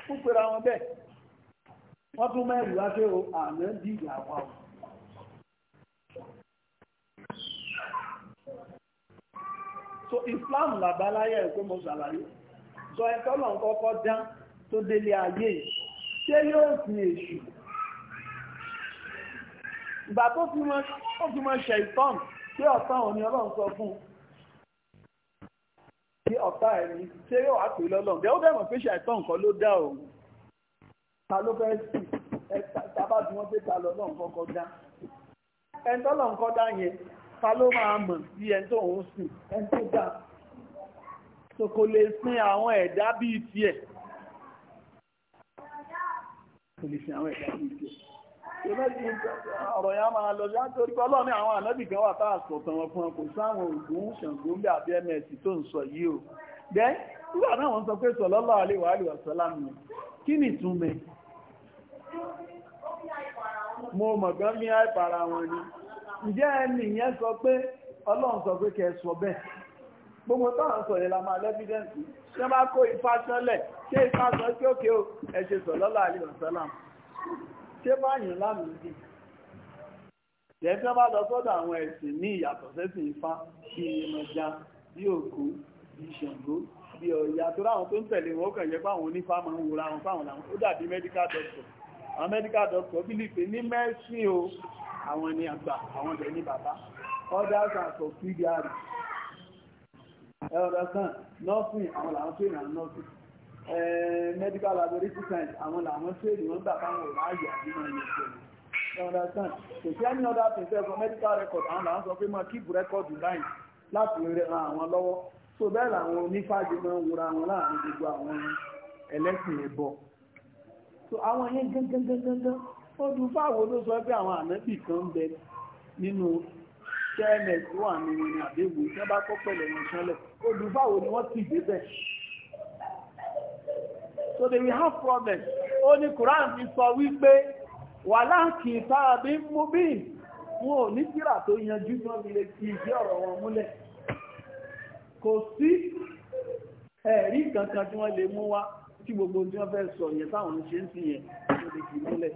fún pé ra wọn bẹ́ẹ̀ wọ́n tún mẹ́rin wá pé o ànábì làwọn o so Islam làbáláyà ẹ̀kọ́ mo ṣàlàyé sọ ẹ̀kọ́ lọ́nkọ́kọ́ dán tó délé ayé ṣé yóò sin èṣù ìgbà tó fi mọ ṣe ìtọ́n tí ọ̀tá òní ọlọ́run sọ fún tí ọ̀tá ẹni ṣé yóò wá pè lọ́lọ́run bẹ́ẹ̀ ó bẹ̀ mọ̀ pé ṣe ìtọ́n kan ló dá òun ta ló fẹ́ sí ta bá bí wọ́n pé ta lọ́lọ́run kọ́kọ́ dá ẹni tọ́lọ́run kọ́ dá yẹn ta ló máa mọ̀ sí ẹni tó ń sìn ẹni tó dá so lè sin àwọn ẹ̀dá bíi tiẹ̀ kò lè sin àwọn ẹ̀dá bíi tiẹ̀ ọ̀rọ̀ yẹn máa lọ sí àti orípa ọlọ́ni àwọn ànábì kan wà tá àsọ̀tàn wọn fún ọ kò sáwọn ògùn ṣàngó ń bẹ àbí ms tó ń sọ yìí o dẹ́ nígbà náà wọ́n sọ pé sallallahu alaihi wa alihi wasallam mi kí ni ìtumọ̀ mo mọ̀gán ní àìpara wọn ni ǹjẹ́ ẹni yẹn sọ pé ọlọ́run sọ pé kẹ́ sọ bẹ́ẹ̀ gbogbo táwọn sọ yẹn la máa lẹ́fídẹ́ǹsì tí wọ́n bá kó ifá sánlẹ̀ ṣé ifá sọ pé o ẹ ṣe sallallahu alaihi ṣé báyìí lámì dì ìyẹ́fẹ́ bá lọ sọ́dọ̀ àwọn ẹ̀sìn ní ìyàtọ̀ sẹ́sìn ifá bí ìmọ̀já bí ògún bí ṣàngó bí ọ̀yà tó láwọn tó ń tẹ̀lé wọn kàn jẹ́ páwọn onífá máa ń wo ra wọn fáwọn làwọn ó dàbí medical doctor àwọn medical doctor bílípé ní mẹ́sìn o àwọn ni àgbà àwọn ọ̀dẹ̀ ní bàbá others are subsidiary ẹ̀rọ sàn nọ́ọ̀sìn àwọn làwọn tó ìrànlọ́sìn medical laboratory science àwọn làwọn trade wọ́n gbà káwọn ọ̀rọ̀ ààyè àdínà ilẹ̀ ìṣẹ̀lẹ̀ you understand kò sí any thing sẹ́ medical record àwọn làwọn sọ pé máa keep record line láti ran àwọn lọ́wọ́ so bẹ́ẹ̀ làwọn onífàájì máa ń wura wọn láàrin gbogbo àwọn ẹlẹ́sìn ẹ̀bọ so àwọn yẹn gángangangangan ó dùn fáwọn ló sọ pé àwọn ànábì kan ń bẹ nínú kms wà nínú àbẹ̀wò tí wọ́n bá kọ́ pẹ̀lẹ́ wọn sọ́lẹ̀ ó dùn fáwọn so they will have problems ó ní Quran ti sọ wípé wà láàkì tàbí mú bí wọn ò ní síra tó yanjú náà lè ti ìdí ọ̀rọ̀ wọn múlẹ̀ kò sí ẹ̀rí kankan tí wọ́n lè mú wá tí gbogbo tí wọ́n fẹ́ sọ yẹn táwọn ṣe ń sìn yẹn tó lè fi múlẹ̀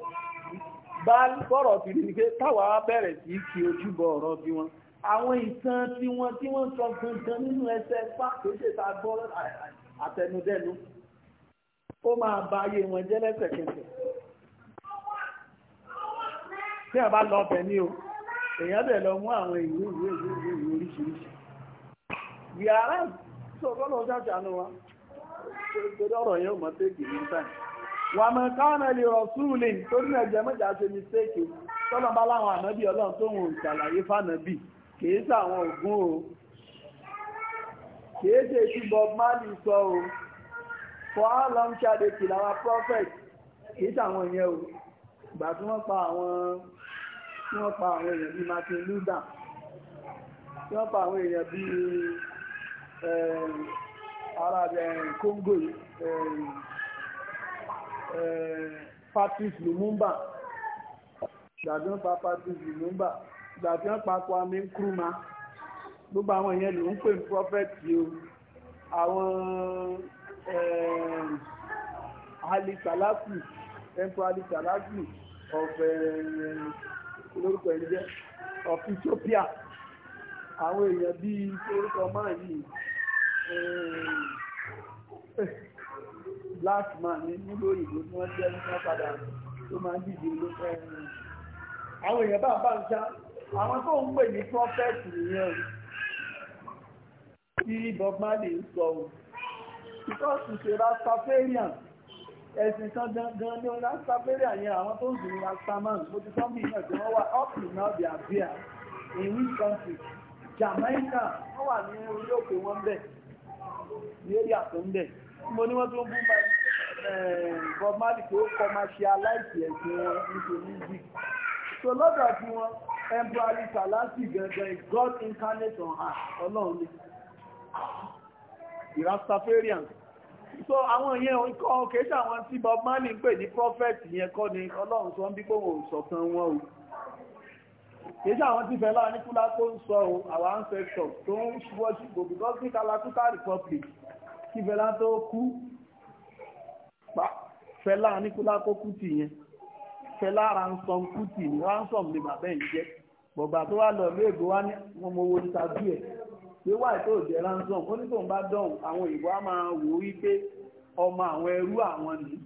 bá bọ́rọ̀ ti rí pé táwa bẹ̀rẹ̀ sí kí ojúbọ ọ̀rọ̀ bí wọn àwọn ìtàn tí wọ́n tí wọ́n sọ gangan nínú ẹsẹ̀ pàtó ṣèta gbọ́ àtẹnudẹ́nu ó máa bá ayé wọn jẹ́ lẹ́sẹ̀kẹsẹ̀ tí a bá lọ ọbẹ̀ ní o èèyàn bẹ̀ lọ mú àwọn ìwé ìwé ìwé ìwé ìwé oríṣiríṣi yàrá sọ̀rọ̀ lọ ṣàṣàánú wa torí ọ̀rọ̀ yẹn ò mọ̀ tẹ́kì ní sáà wà mọ̀ káwọn ẹ̀lì rọ̀súùlì tó ní ẹ̀jẹ̀ mẹ́jà ṣe ní tẹ́kì tọ́lọ́ bá láwọn ànábì ọlọ́run tó wọn ṣàlàyé fànábì kìí sàwọn ògún o kìí ṣe tí Bob Marley sọ o for how long shall they kill our prophet kìí sàwọn ìyẹn o ìgbà tí wọ́n pa àwọn tí wọ́n pa àwọn èèyàn bíi Martin Luther tí wọ́n pa àwọn èèyàn bíi eh, ara eh, Congo eh, Patrice Lumumba ìgbà tí wọ́n pa Patrice Lumumba ìgbà tí wọ́n pa Kwame Nkrumah gbogbo àwọn ìyẹn ló ń pè ní prophet yìí o àwọn. Eh, ali salafi temple ali salafi of olórúkọ eh, ẹni jẹ́ of Ethiopia àwọn èèyàn bíi orúkọ máa yìí black eh, man ní nílò òyìnbó tí wọ́n jẹ́ nípa padà tó máa ń dìde ló fẹ́ àwọn èèyàn bá bá ń já àwọn tó ń pè ní prophet nìyẹn tí Bob Marley ń sọ ohun because ṣe rastafarian ẹ̀sìn kan gangan ní rastafarian I want to ń sìn rastaman mo ti sọ́mí náà tí wọ́n wà up to now they are there in which country Jamaica No one ní orí òkè wọn bẹ̀ ní area tó ń bẹ̀ mo ní wọ́n tó ń bú eh, Bob Marley tó commercialize ẹ̀sìn wọn nítorí music so lọ́dọ̀ tí wọ́n emperor Salasi gangan is God incarnate on earth ọlọ́run ni the Rastafarians so àwọn yẹn nǹkan kéṣà àwọn tí Bob Marley ń pè ní prophet yẹn kọ́ ni Ọlọ́run sọ ń bí pòwò ìṣọ̀kan wọn o kéṣà àwọn tí fẹ́lá nípúlá tó ń sọ o àwọn ancestors tó ń wọ́ṣìpò because ní Kalakuta Republic kí fẹ́lá tó kú fẹ́lá nípúlá kó kú tì yẹn fẹ́lá ransom kú tì ní ransom ni bàbá ẹ̀ jẹ́ bọ̀gbà tó wà lọ lóògbé wá ní wọn mọ owó níta bí ẹ̀ pé wà tó jẹ́ ransom ó ní tó ń bá dọ̀hùn àwọn òyìnbó á máa wò wípé ọmọ àwọn ẹrú àwọn nìí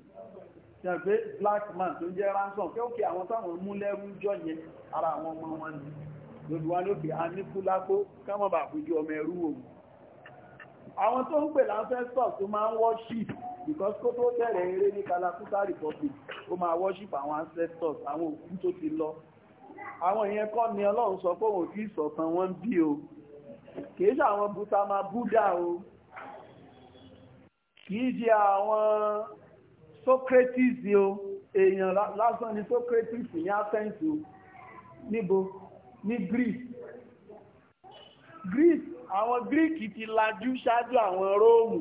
yàn black man tó jẹ́ ransom kí ó kí àwọn táwọn mú lẹ́rú jọ yẹn ara àwọn ọmọ wọn ni lórí wọn lókè a ní fúlákó káwọn bà fojú ọmọ ẹrú òun àwọn tó ń pè l'ancestor tó máa ń worship because kó tó bẹ̀rẹ̀ eré ní Kalakuta Republic ó máa worship àwọn ancestors àwọn òkú tó ti lọ àwọn ìyẹn kọ́ ni Ọlọ́run sọ pé òun kì í sọ̀tàn wọn bí o kìí ṣe àwọn bùtàmà buddha o kìí ṣe àwọn socrates o èèyàn lásán ni socrates ní athens o níbo ní greece greece àwọn gíríkì ti lajú ṣáájú àwọn róòmù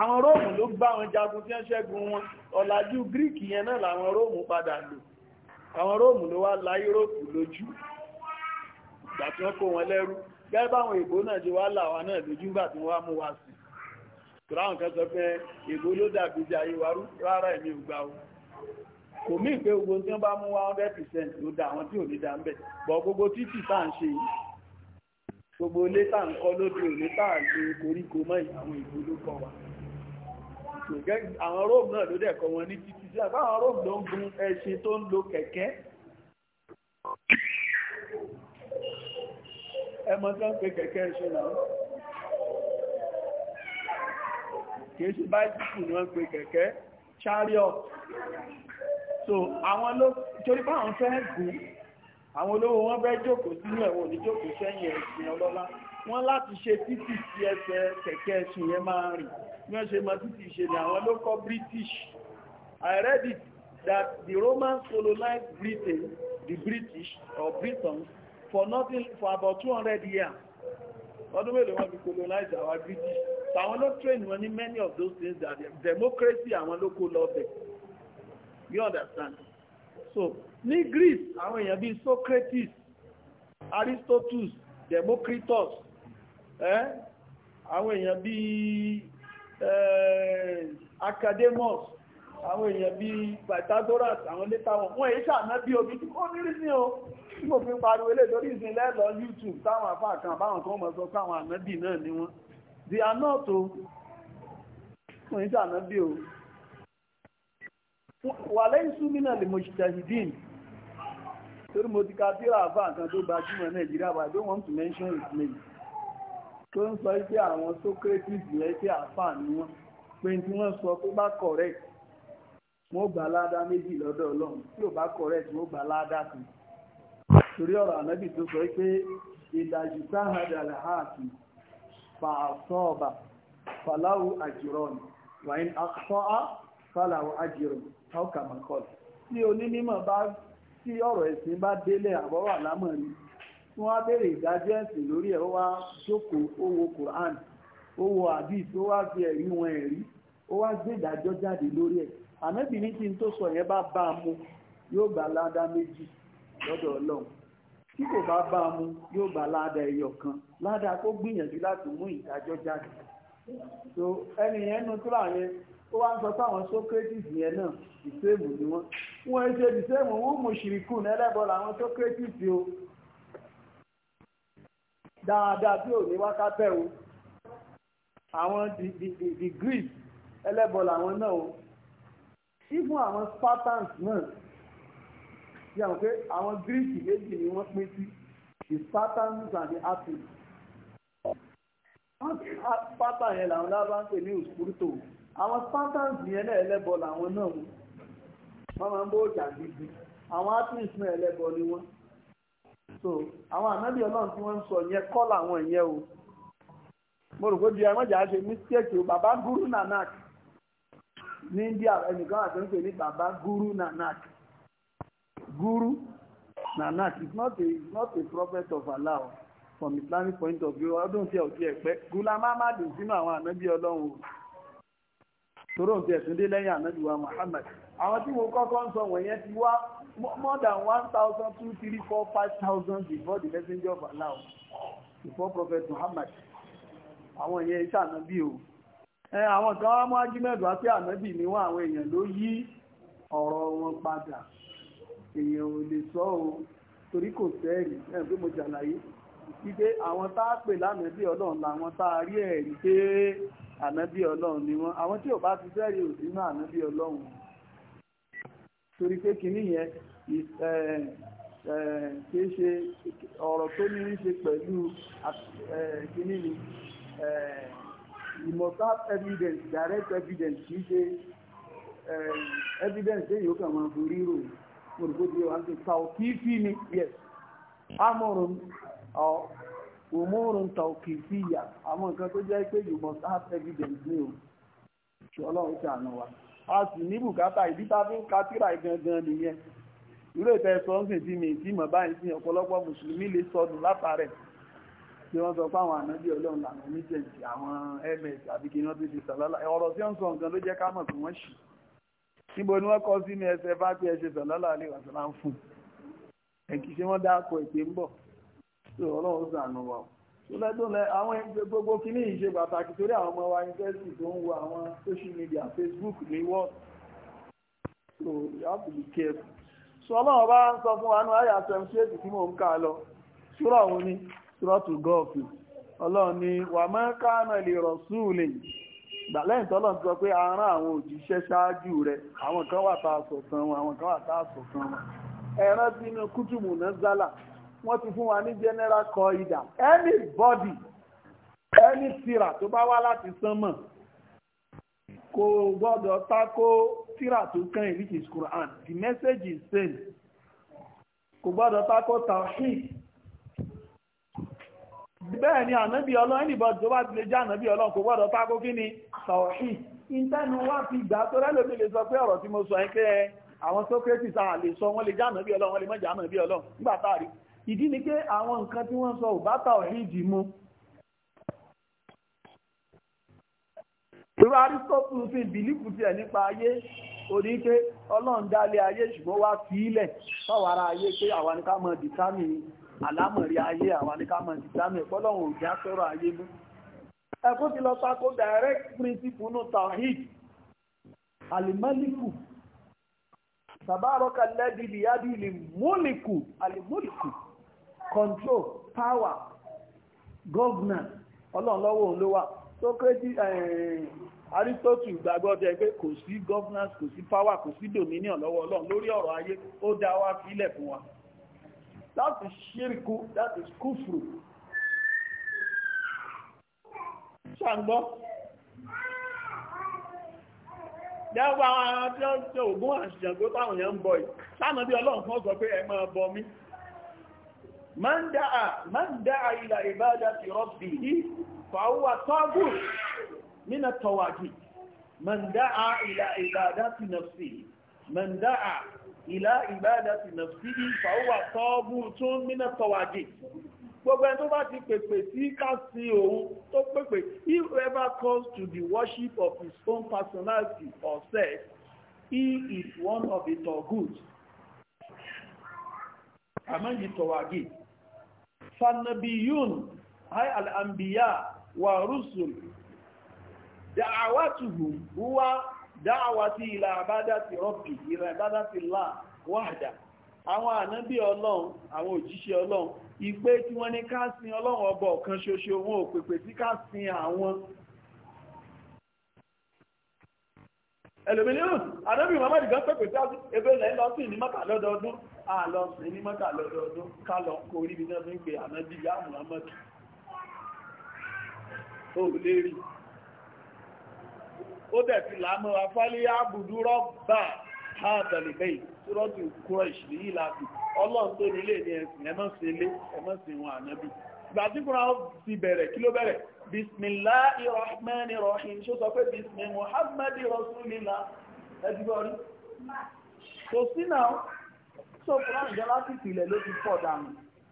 àwọn róòmù ló gbá àwọn jagun tí wọ́n ṣẹ́gun wọn ọ̀làjú gíríkì yẹn náà làwọn róòmù padà lò àwọn róòmù ló wá la yúróòpù lójú ìgbà tí wọ́n kó wọn lẹ́rú gẹ́gẹ́ báwọn èbó náà ti wá làwà náà lójú ńgbà tí wọ́n mú wa sí tùráwọn kan sọ pé èbó ló dàbí jẹ ayé wa rárá èmi ò o kò mí pé gbogbo tí wọ́n bá mú wa 100% ló dá àwọn tí ò ní dá ń bẹ̀ bọ̀ gbogbo títì tá à ń ṣe yìí gbogbo ilé tá ń kọ́ lóde òní tá à ń ṣe koríko mọ́ àwọn ìbò ló kọ́ wa àwọn róòmù náà ló dẹ̀ kọ́ wọn ní títí sí àbáwọn róòmù ẹmọ tán pé kẹ̀kẹ́ ẹṣin náà kìí ṣe báyìí ni wọ́n pè kẹ̀kẹ́ chariot so àwọn ló torí bá àwọn fẹ́ gùn àwọn olówó wọ́n fẹ́ jókòó sínú ẹ̀wọ̀n ní jókòó sẹ́yìn ẹ̀sìn ọlọ́lá wọ́n láti ṣe títì sí ẹsẹ̀ kẹ̀kẹ́ ẹṣin yẹn máa rìn bí wọ́n ṣe mọ títì ṣe ni àwọn ló British I read it that the Romans colonized Britain the British or Britons for nothing for about 200 years ọdún mélòó wọn fi colonize our gidi àwọn ló train wọn ní many of those things that democracy àwọn ló kó lọ bẹ̀ you understand so ní Greece àwọn èèyàn bíi Socrates Aristotle Democritus eh? àwọn èèyàn bíi eh, Academus àwọn èèyàn bíi Pythagoras àwọn létà wọn wọ́n èyí sàmẹ́ bí omi tí ó nírí sí o tí mo fi ń pariwo ilé torí ìsìn lẹ́lọ YouTube táwọn afá kan báwọn kan mọ̀ sọ káwọn ànábì náà ni wọ́n di aná tó fún ìjà ànábì o wà lẹ́yìn súnmínà lè mọ̀ ṣìṣẹ́hìdín torí mo ti ka tíra afá kan tó gbajúmọ̀ Nàìjíríà but I don't want to mention his name tó ń sọ pé àwọn Socrates yẹn pé afá ni wọ́n pé tí wọ́n sọ tó bá correct wọ́n gbà ládàá méjì lọ́dọ̀ Ọlọ́run tí ò bá correct wọ́n gbà ládàá kan torí ọ̀rọ̀ ànábì tó sọ pé ìdàjì sáhàdàlẹ̀ ààkì fàásọ́ọ̀bà fàláwù àjìrọ̀n wàín àkọ́á fàláwù àjìrọ̀n ọkàmọ̀kọ́ tí onímọ̀ bá tí ọ̀rọ̀ ẹ̀sìn bá délẹ̀ ni wọ́n ìdájọ́ ẹ̀sìn lórí ẹ̀ wá jókòó owó Quran owó wá fi ẹ̀rí wọn ẹ̀rí ó tí kò bá bá mu yóò bá ládàá ẹyọ kan ládàá kó gbìyànjú láti mú ìdájọ́ jáde so ẹni yẹn nu tó láàyè ó wá ń sọ fáwọn Sócrates yẹn náà ìsèmù ni wọ́n wọ́n ṣe ìsèmù wọ́n mú ṣìrìkùn ẹlẹ́bọ làwọn Sócrates o dáadáa tí ò ní wákàtẹ́ o àwọn the Greeks ẹlẹ́bọ làwọn náà o even àwọn Spartans náà ṣe àwọn pé àwọn gíríkì méjì ni wọ́n pín sí the spartans and the athens spartan yẹn làwọn lábá ń pè ní òsùkúrútò àwọn spartans yẹn náà ẹlẹ́bọ làwọn náà wọ́n máa ń bó ìjà gidi àwọn Awọn náà ẹlẹ́bọ ni wọ́n so àwọn ànábì ọlọ́run tí wọ́n o mo rò pé bí ṣe mistake guru nanak ní india ẹnìkan àti ń pè ní guru nanak guru, Nanak is not a, is not a prophet of Allah from Islamic point of view. Ọdún tí ọ̀tí ẹ̀pẹ́. Gula Mamadu sínú àwọn ànábí ọlọ́run tóró ń tẹ̀sùn dé lẹ́yìn ànábí wa Muhammad. Àwọn tí mo kọ́kọ́ ń sọ wọ̀nyẹn ti wá more than one thousand two three four five thousand before the messenger of Allah before prophet Muhammad. Àwọn yẹn iṣẹ́ ànábí o. Ẹ àwọn kan wá mú ájúmẹ́dùn àti ànábí ni wọ́n àwọn èèyàn ló yí ọrọ wọn padà. èèyàn ò lè sọ o torí kò sẹ́ẹ̀rì ẹ̀ pé mo ṣàlàyé wípé àwọn tá a pè lánàbí ọlọ́run làwọn tá a rí ẹ̀rí pé ànábí ọlọ́run ni wọ́n àwọn tí ò bá ti sẹ́ẹ̀rì ò sínú ànábí ọlọ́run torí pé kinní yẹn kìí ṣe ọ̀rọ̀ tó ní í ṣe pẹ̀lú kinní ni you must have evidence direct evidence kìí ṣe evidence tí yóò kàn máa borí rò mùrùgbòdì wà ní tàùkìfì ni yes Amorun ọ Umurun tàùkìfì yà àwọn nǹkan tó jẹ́ you must have evidence ní o ṣe ọlọ́run ṣe àná wa a sì ní bùkátà ìdí tá a fi ń ka tíra gangan nìyẹn ìró ìfẹ́ sọ́nsìn tí mi ìtì mọ̀ báyìí sí ọ̀pọ̀lọpọ̀ mùsùlùmí lè sọdún látàrẹ̀ tí wọ́n sọ pé àwọn ànábì ọlọ́run làwọn oníjẹ̀ǹtì àwọn ms àbí kí wọ́n ti di sàlálà ọ̀rọ̀ tí wọ́n sọ nǹkan ló jẹ́ ká mọ̀ pé wọ́n ṣì níbo ni wọ́n kọ́ sí ní ẹsẹ̀ bá tí ẹ ṣe sallallahu alaihi wasallam fún ẹ̀kí ṣe wọ́n dáàkọ ìpè ń bọ̀ tó ọlọ́run sànù wa gbogbo kìíní yìí ṣe pàtàkì ọmọ wa yunifásitì tó ń wo àwọn social media Facebook ní wọ́ọ̀d so you have to bá ń sọ fún wa ní àyà seventy eight tí lọ ṣúrọ̀ lẹ́yìn tọ́lọ̀ sọ pé a àwọn òjíṣẹ́ ṣáájú rẹ̀ àwọn kan wà tá sọ tán wọn àwọn kan wà tá sọ tán wọn ẹ̀rọ sínú kútùmù náà zálà wọ́n ti fún wa ní general kọ́ìdà anybody any tírà tó bá wá láti sánmọ̀ kò gbọ́dọ̀ tako tírà tó kàn yìí which is Quran the message is same kò gbọ́dọ̀ tako tawhid bẹ́ẹ̀ ni ànábì ọlọ́run anybody tó bá ti lè jẹ́ ànábì ọlọ́run kò gbọ́dọ̀ tako kí ni àtọ̀ọ̀hì ìtẹ́nu wá fi gbà tó rẹ́lòmí lè sọ pé ọ̀rọ̀ tí mo sọ ẹ́ àwọn Sókrétì sáà lè sọ wọ́n lè jáàmù bí Ọlọ́run lè má jáàmù bí Ọlọ́run nígbà táàrí ìdí ni pé àwọn nǹkan tí wọ́n sọ ò bá dì mú irú aristópùlù fi bìlífù tiẹ̀ nípa ayé orí pé Ọlọ́run dálé ayé ṣùgbọ́n wá fi ilẹ̀ ayé pé àwa ká mọ̀ dìtámì ayé àwa ká mọ̀ dìtámì Ọlọ́run ò ẹ̀kọ́ ti lọ tako direct principle nù tawhid alimaliku tabaraka lẹ́bi ìyádi ìlìmúlìkù alimúlìkù control power governance ọlọ́run lọ́wọ́ òun ló wà tó kéjì eh, Aristotle gbàgbọ́ jẹ́ pé kò sí governance kò sí power kò sí dominion lọ́wọ́ ọlọ́run lórí ọ̀rọ̀ ayé ó dá wá sílẹ̀ fún wa that is shirku that is kufru ṣàǹgbọ́ dẹ́gbà àwọn tí ó ń tẹ ògún àṣìṣàgbó táwọn èèyàn ń bọ̀ yìí sáàmà bí ọlọ́run fún ọ̀sọ̀ pé ẹ máa bọ mí man dáa ila ibadati rabbihi fàáwà tọ́gù nínà tọ́wàgì man dáa ila ibadati dáa ila ibadati nafsihi fàáwà gbogbo ẹni tó bá ti pèpè sí ká sí òun tó pèpè if ever calls to the worship of his own personality or sex he is one of the togut among the tawagi fanabiyun hay al ambiya wa rusul da'awatuhum huwa da'awati ila abadati rabbi ila abadati allah wahda àwọn ànábì ọlọ́run àwọn òjíṣẹ́ ọlọ́run ìpè tí wọ́n ní ká sin ọlọ́run ọba ọ̀kan ṣoṣo wọn ò pèpè sí ká sin àwọn ẹlòmíràn àdébì Muhammad gan pèpè sí ebe ilẹ̀ lọ sí ní Mẹ́kà lọ́dọọdún àlọ́ sí ní Mẹ́kà lọ́dọọdún ká lọ kó orí ibi náà fi ń pe ànábì yá Muhammad ó lérí ó dẹ̀ ti lámọ́ afálíyá bùdúrọ́ báà hádàlìbẹ́ ìtúrọ́dù kúrẹ́ṣì ní ìlàbí ọlọ́run tó nílé ní ẹ̀sìn ẹmọ́sílé ẹmọ́sìn wọn ànábì ìgbà tí kúrò ti bẹ̀rẹ̀ kí ló bẹ̀rẹ̀ bismillahi rahmani rahim ṣó sọ pé bismi muhammadi rasulillah ẹdígbọ́rí kò sí náà tó kúrò ìjọba ti tìlẹ̀ ló ti pọ̀ dànù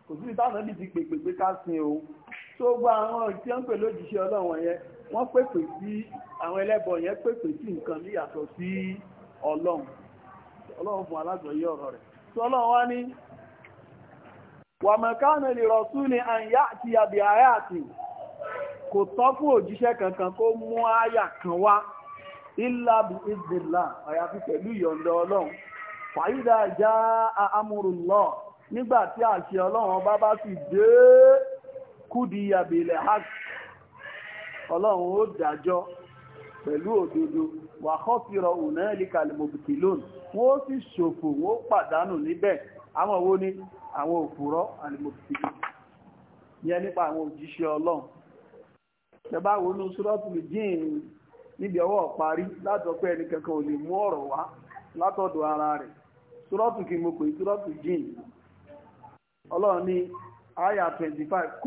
kò sí ìtànà bí ti pèpèpé ká sin o tó gba àwọn tí ó ń pè lójíṣẹ́ ọlọ́run ọlọ́run ọlọ́run fún alágbọ̀yé ọ̀rọ̀ rẹ̀ tí ọlọ́run wá ní wà mẹ́kánà lè rọ̀sú ni à ń yá àti àbí àyà àti kò tọ́ fún òjíṣẹ́ kankan kó mú àyà kan wá ìlàbí ìdìlà àyàfi pẹ̀lú ìyọ̀ǹda ọlọ́run fàyídà já amúrùnlọ́ nígbà tí àṣẹ ọlọ́run ọba bá sì dé kúdi àbílẹ̀ ọlọ́run ó dájọ́ pẹ̀lú òdodo wà kọ́fìrọ̀ òun ẹ̀lìkà lèmọ̀bìtì lónìí wọ́n ó sì ṣòfò wọ́n ó pàdánù níbẹ̀ àwọn owó ní àwọn òpùrọ́ àlèmọ̀bìtì yẹn nípa àwọn òjíṣẹ́ ọlọ́run ṣẹba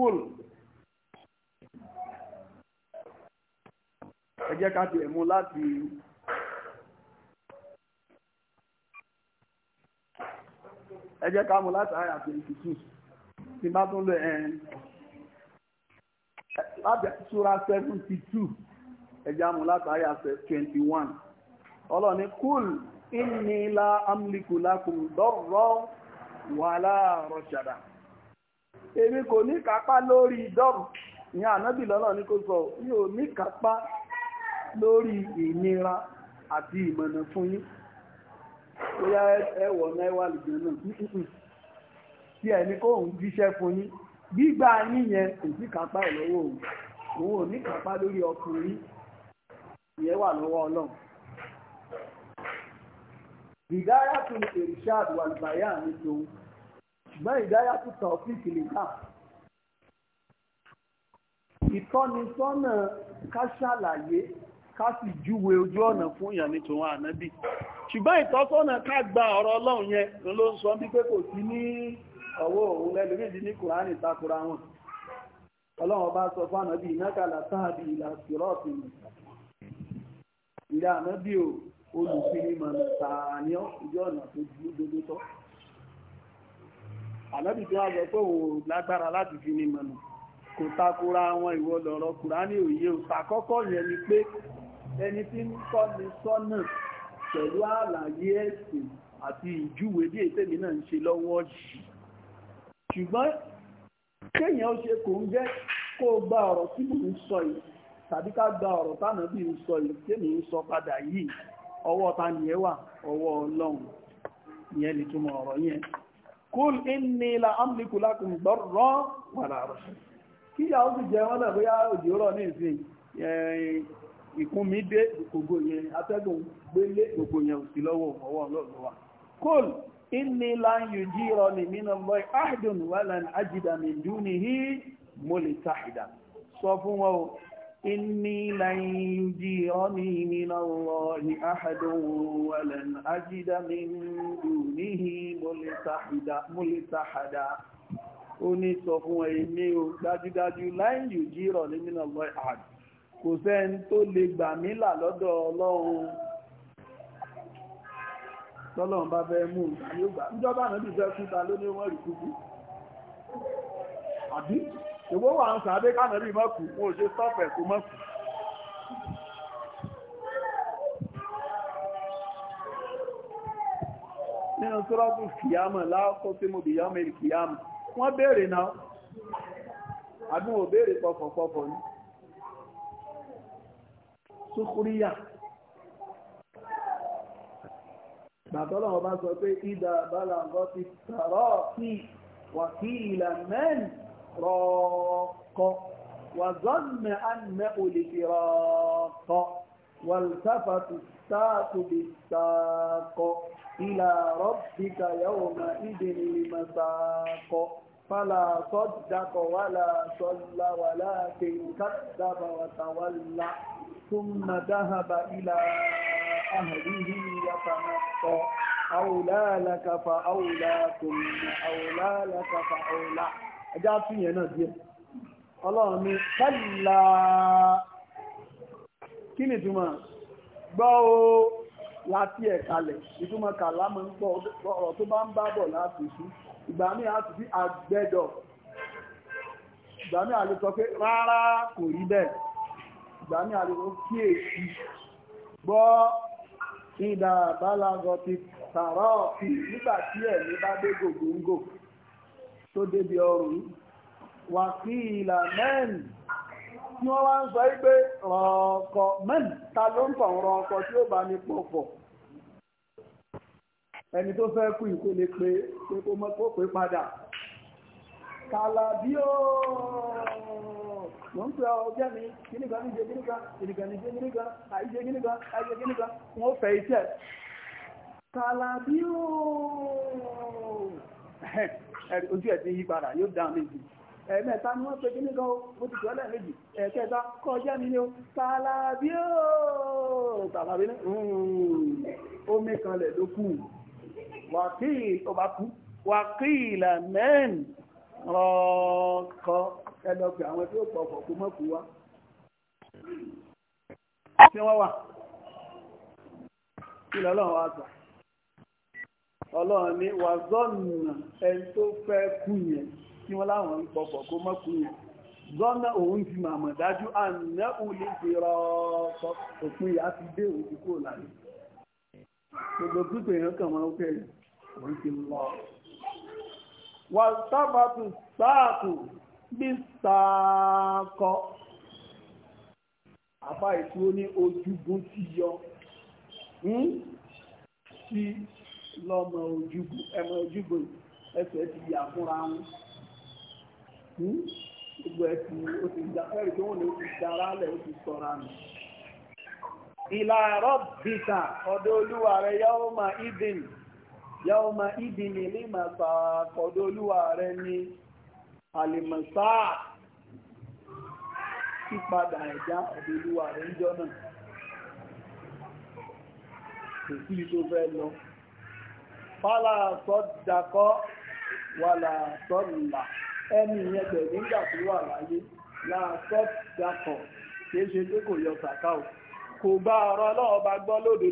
ní 25 ẹ jẹ́ ká tiẹ̀ mú láti ẹ jẹ́ ká mú láti àyà twenty two tí bá tún lọ ẹ̀ láti ṣúra seventy two ẹ jẹ́ mú láti àyà twenty one ọlọ́ni kúl inni la amliku lakum dọ́rọ̀ wàhálà rọ̀ṣàdà èmi kò ní kápá lórí dọ́rọ̀ ní ànábì ní kò sọ mi ò ní kápá lórí ìnira àti ìmọ̀nà fún yín bóyá ẹwọ̀ mẹ́wàá lùgbẹ́ náà tí ẹni kó òun jíṣẹ́ fún yín gbígbà yíyẹn kò sí kápá ẹ̀ lọ́wọ́ òun òun ò ní kápá lórí ọkùnrin ìyẹn wà lọ́wọ́ ọlọ́run ìdáyà tó ní èrìṣàd wà lùbáyà ní tòun ṣùgbọ́n ìdáyà tó tọ̀ ọ́fíìsì lè ìtọ́nisọ́nà ká ṣàlàyé ká sì júwe ojú ọ̀nà fún ìyàn ní tòun ànábì ṣùgbọ́n ìtọ́sọ́nà ká gba ọ̀rọ̀ ọlọ́run yẹn ló ń sọ bí pé kò sí ní ọwọ́ òun lẹ́lẹ́mìdì ní kùránì takura wọn ọlọ́run bá sọ fún ànábì ìnákàlà sáàbì ìlà sírọ́ọ̀tì ìlà ànábì ò olùfini mọ̀nà tààníọ́ ojú ọ̀nà tó dúdódó tọ́ ànábì tó wájọ pé òun lágbára láti fi mọ̀nà kò takura wọn ìwọ kùránì òye òsàkọ́kọ́ yẹn ni pé ẹni tí ń kọ́ mi sọ́nà pẹ̀lú àlàyé ẹ̀sìn àti ìjúwe bí ètè náà ń ṣe lọ́wọ́ yìí ṣùgbọ́n kéèyàn ó gba ọ̀rọ̀ tí mò ń sọ yìí tàbí ká gba ọ̀rọ̀ tánà bí ń sọ yìí ń sọ padà yìí ọwọ́ ta ni ẹ wà ọwọ́ ọlọ́run ìyẹn lè túmọ̀ ọ̀rọ̀ yẹn kúl la sì ìkúnmí dé gbogbo yẹn atẹ́gùn gbélé gbogbo yẹn òsì lọ́wọ́ ọwọ́ ọlọ́lọ́wà kol inni lan yujirani minallahi ahdun walan ajida min dunihi multahida sọ fún wọn o inni ní o kò sẹ́ni tó lè gbà mí là lọ́dọ̀ ọlọ́run tọ́lọ́run bá fẹ́ mú ìgbà yóò gbà níjọba náà bí fẹ́ kú ta ló ní wọ́n rí kúkú àbí ìwó wà ń sàábé ká nàbí mọ́kù wọn ò ṣe sọ́fẹ̀ kó mọ́kù nínú sọ́rọ́bù kìyàmù láàkọ́ tí mo bìyàmù kìyàmù wọ́n béèrè náà àbí wọ́n béèrè pọ̀pọ̀pọ̀pọ̀ ní sókúríyà bàtọ́lọ̀ ọba sọ pé ìdá bálàgọ́ ti tààrọ́ sí wàkíìlà mẹ́rin rọ́ọ̀kọ́ وظن أنه لفراق والتفت الساق بالساق إلى ربك يومئذ المساق فلا صدق ولا صلى ولكن كذب وتولى ثم ذهب إلى أهله يتمطى أولى لك فأولى ثم أولى لك فأولى أجاب فيه نجي الله من كلا كيني جمع gbọ́ láti ẹ̀kalẹ̀ ìtumọ̀ kàlá ń pọ̀ ọ̀rọ̀ tó bá ń bábọ̀ láti sí ìgbà ní àti sí àgbẹ́dọ̀ ìgbà ní àlè sọ pé rárá kò rí ìgbà ní àríwá kíyèsí gbọ́ ìdá bálagọ ti tààrà ọ̀fì nígbà tí ẹ̀mí bá dé gògóńgò tó débi ọrùn wà sí ìlà mẹ́rin tí wọ́n wá ń sọ pé rọ̀ọ̀kọ̀ mẹ́rin ta ló ń tàn rọ̀ọ̀kọ̀ tí ó bá ní pọ̀pọ̀ ẹni tó fẹ́ kú ìkó lè pé pé kó mọ́ pé padà kàlàbí mo ń ọjọ́ mi kíníkà ní ṣe kíníkà ìdìkà ní ṣe kíníkà àìṣe kíníkà àìṣe kíníkà wọ́n fẹ̀ iṣẹ́ ojú ẹ̀ ti yí padà yóò dá méjì ẹ̀mẹ́ta ni wọ́n pè kíníkà ó mo ti tọ́lẹ̀ méjì ẹ̀kẹta kọ́ ọjọ́ ni ó kàlàbí kàlàbí ní omi kanlẹ̀ ló kù wàkíì tó bá kú wàkíì làmẹ́ẹ̀n rọ̀ọ̀kọ̀ ẹ lọ àwọn tí ó pọ̀ ọ̀pọ̀ kó mọ̀ wá tí wọ́n wà kí lọ́lọ́run wá sọ ọlọ́run ní zọ́nà ẹni tó fẹ́ kú yẹn wọ́n láwọn ń kó zọ́nà òun ti màmọ̀ dájú àná òun ti rọ òpin ìyá ti dé òun ti kó gbogbo kàn máa ń fẹ́ lọ bisaakọ àbá ìtú ní ojúgun ti yọ sí hmm? lọ́mọ ojúgun ẹmọ ojúgun ẹsẹ̀ ti yà fúnra wọn hmm? gbogbo ẹ̀sì ó ti gbà fẹ́rì tó wọ́n ní ó ti dára lẹ̀ ó ti sọ̀ra nù ìlàrọ̀ bìtà ọ̀dọ̀ olúwa rẹ̀ yóò máa ìdìn yóò máa ìdìn nílé màtà ọ̀dọ̀ olúwa rẹ̀ ni àlèmọ̀sáà pípadà ẹ̀dá ọ̀dọ̀ rẹ̀ ń kò sí tó fẹ́ lọ fálà wàlà ẹni nígbà tó wà láyé láàtọ́ dàpọ̀ kìí ṣe pé kò yọ sàkáò kò bá ọ̀rọ̀ bá gbọ́ ti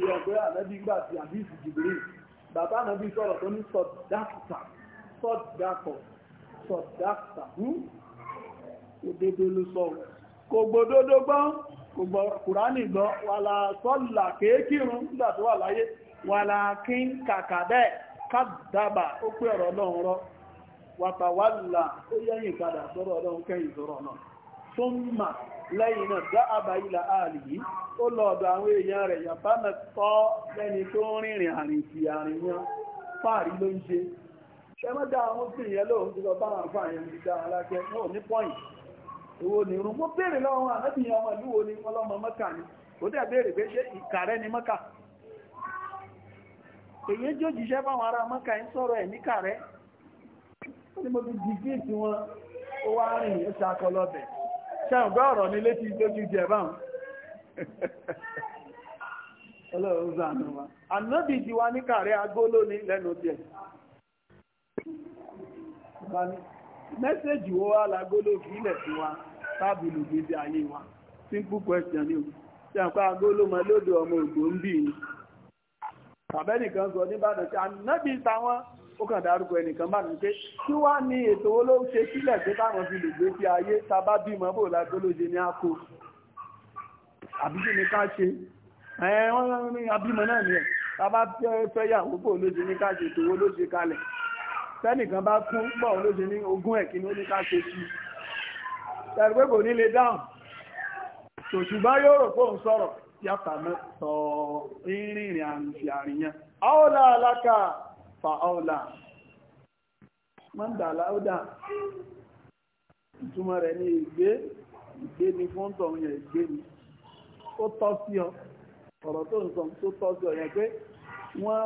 àbí ìsìnkú bàbá sọ̀rọ̀ tó ní sọ̀dáàtà òdodo ló sọ kò gbòdodo gbọ́ kò gbọ́ kùránì gbọ́ wàlà sọ́là kéékìrún nígbà tó wà láyé wà kí kàkà kàdàbà ó pé ọ̀rọ̀ wàtàwàlà ó yẹ́yìn padà sọ́rọ̀ tó ń mà ṣe mọ́ dá àwọn sí ìyẹn lóòun ti sọ báwọn àǹfààní ẹni dá alákẹ́ wọn ò ní pọ́yìn owó ni irun lọ́wọ́ wo ni ọlọ́mọ mọ́kà ni ó dẹ̀ béèrè pé ṣé ìkàrẹ́ ni mọ́kà èyí jó jíṣẹ́ fáwọn ará mọ́kà ń sọ̀rọ̀ ẹ̀ ó ní mo ti di wọn ó wá rìn ọ̀rọ̀ mẹ́sẹ̀jì wo wá lágólò ilẹ̀ fún wa tábìlù ayé wa simple question ni o ṣe àpá ọmọ ògbó ń sọ níbàdàn ṣe ànábì táwọn ó kàn dárúkọ ẹnìkan bá pé kí wá ní ètò sílẹ̀ pé táwọn fi lè gbé sí ayé tábá bímọ bò ní àbí kí ni ká ṣe ẹ̀ wọ́n abímọ tẹ́nìkan bá kún pọ̀ ló ṣe ní ogún ẹ̀kí ní oníká ṣe sí tẹ̀rù pé kò ní lè dáhùn ṣòṣùgbọ́n yóò rò fóun sọ̀rọ̀ yàtà sọ rírìnrìn àrùn àríyàn aola alaka fa aola mọ́ndà láódà ìtumọ̀ rẹ̀ ní ìgbé ìgbé ni fún tọ̀hún yẹn ìgbé ni ó tọ́ sí ọ ọ̀rọ̀ tó ń sọ tó tọ́ sí ọ yẹn pé wọ́n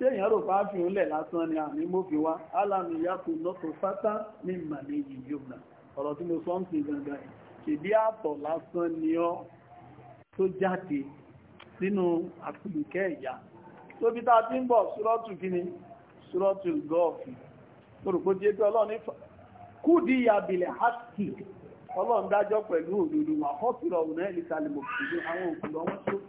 tí èyàn rò bá fi lẹ̀ lásán ni àmì mófi wá alàmì yàtò lọ́tọ̀ sátá ní ìmàlẹ̀ yìí yóò gbà ọ̀rọ̀ tí mo sọ ń sin gangan ṣèbí àtọ̀ lásán ni ọ́ tó jáde sínú àpìlùkẹ́ ìyá tóbi tá a ti ń bọ̀ ṣúrọ́tù ṣúrọ́tù jẹ́ pé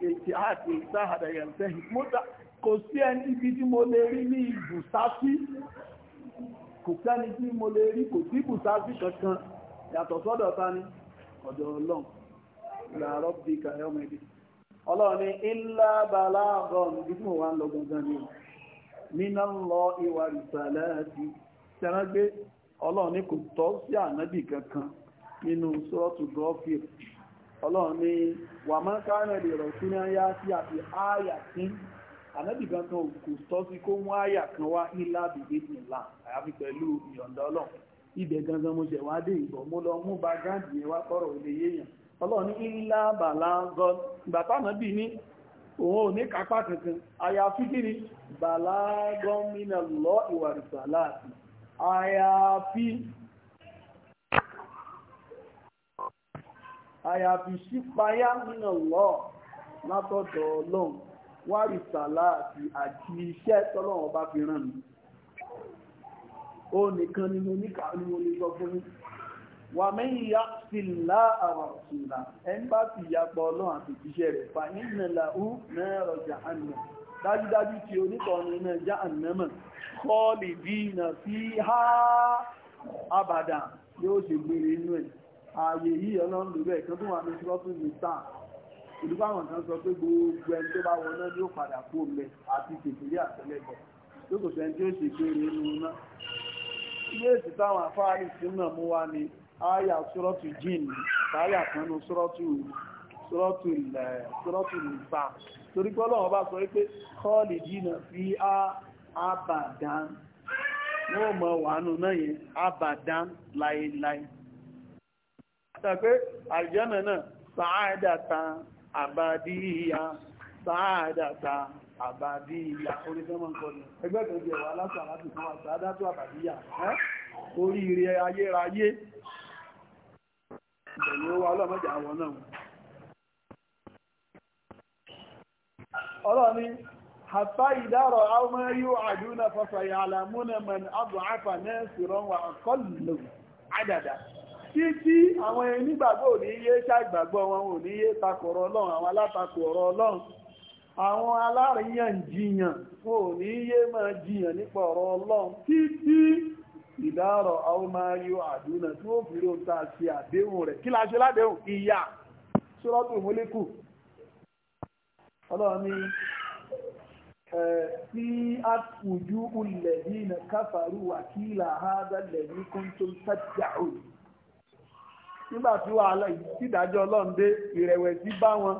kejì àti ìsáhàdà yẹ̀ntẹ́ múta kò sí ẹni bí tí mo lè rí ní ibùsásí kò sẹ́ni tí mo lè rí kò sí ibùsásí kankan yàtọ̀ sọ́dọ̀ ta ni ọ̀dọ̀ ọlọ́run yàrá bí kàyọ́ mẹ́bí ọlọ́run ní ilá kankan ọlọ́run ni wà máa ń káàrẹ̀ lè rọ̀ sí yá sí àti àyà sí ànábì kan kò tọ́ sí kó mú kan wá ilá bèbè nìlá àyàfi pẹ̀lú ìyọ̀ǹda ọlọ́run ibẹ̀ gangan mo ṣẹ̀ dé ìbọ̀ mo lọ mú ba gáàdì yẹn wá kọ́rọ̀ ilé ọlọ́run ní àyàfi nínú lọ látọ̀dọ̀ ọlọ́run wárìsàlá àti àti iṣẹ́ tọ́lọ́run bá fi ràn mí ó nìkan ni mo níkà ni mo lè wà mẹ́yìn ya sí lá àwọn òṣùlá ẹni bá sì yapa ọlọ́run àti ìjíṣẹ́ rẹ̀ fà náà rọjà àná dájúdájú já bí sí abàdà yóò inú ẹ̀ ààyè yìí ọlọ́run lò bẹ́ẹ̀ kan tó wà ní ṣọ́tún ní sáà ìdúgbà àwọn kan sọ pé gbogbo ẹni tó bá wọn náà yóò padà kú omi àti kèkèrè àtẹlẹgbẹ tó kò sẹ́ni tí ó ṣe pé rèé nu iná ilé èsì táwọn afáàrí ìsìn náà mú wá ní àyà sọ́rọ́tù jìn táyà kan nu sọ́rọ́tù sọ́rọ́tù ilẹ̀ sọ́rọ́tù nìfà torí pé ọlọ́run bá sọ pé kọ́ọ̀lì jìnnà fi á àbàdán wọ́n mọ̀ wàánu náà yẹn àbàdán láéláé tàbí àlìjánà náà sàádàta àbádíyà sàádàta àbádíyà orísẹ́mọ̀ kọ́lù ẹgbẹ́ kan jẹ́ wà lásà láti fún wa sàádàtú àbádíyà oríire ayérayé ìbẹ̀lú wa ọlọ́mọdé àwọn náà ọlọ́ni hatta ìdárọ̀ ọrụ àdúnà fọ́sọ̀ yà títí àwọn onígbàgbọ́ ò ní yé ṣàìgbàgbọ́ wọn ò ní yé takọ̀rọ̀ ọlọ́run àwọn alátakò ọ̀rọ̀ ọlọ́run àwọn aláríyànjiyàn wọn ò ní yé máa jiyàn nípa ọ̀rọ̀ ọlọ́run títí ìdárọ̀ àwọn àdúnà tí ó fi ló ta ṣe àdéhùn rẹ̀ kí la ládéhùn ìyà ṣọ́rọ́tù mólíkù ọlọ́run ni tí a kùjú ulẹ̀ yìí na káfàrú wàkílà hádà lẹ́yìn kúntùn tàjà n'ígbàtí tí wà ìdájọ́ ọlọ́run dé ìrẹ̀wẹ̀sí bá wọn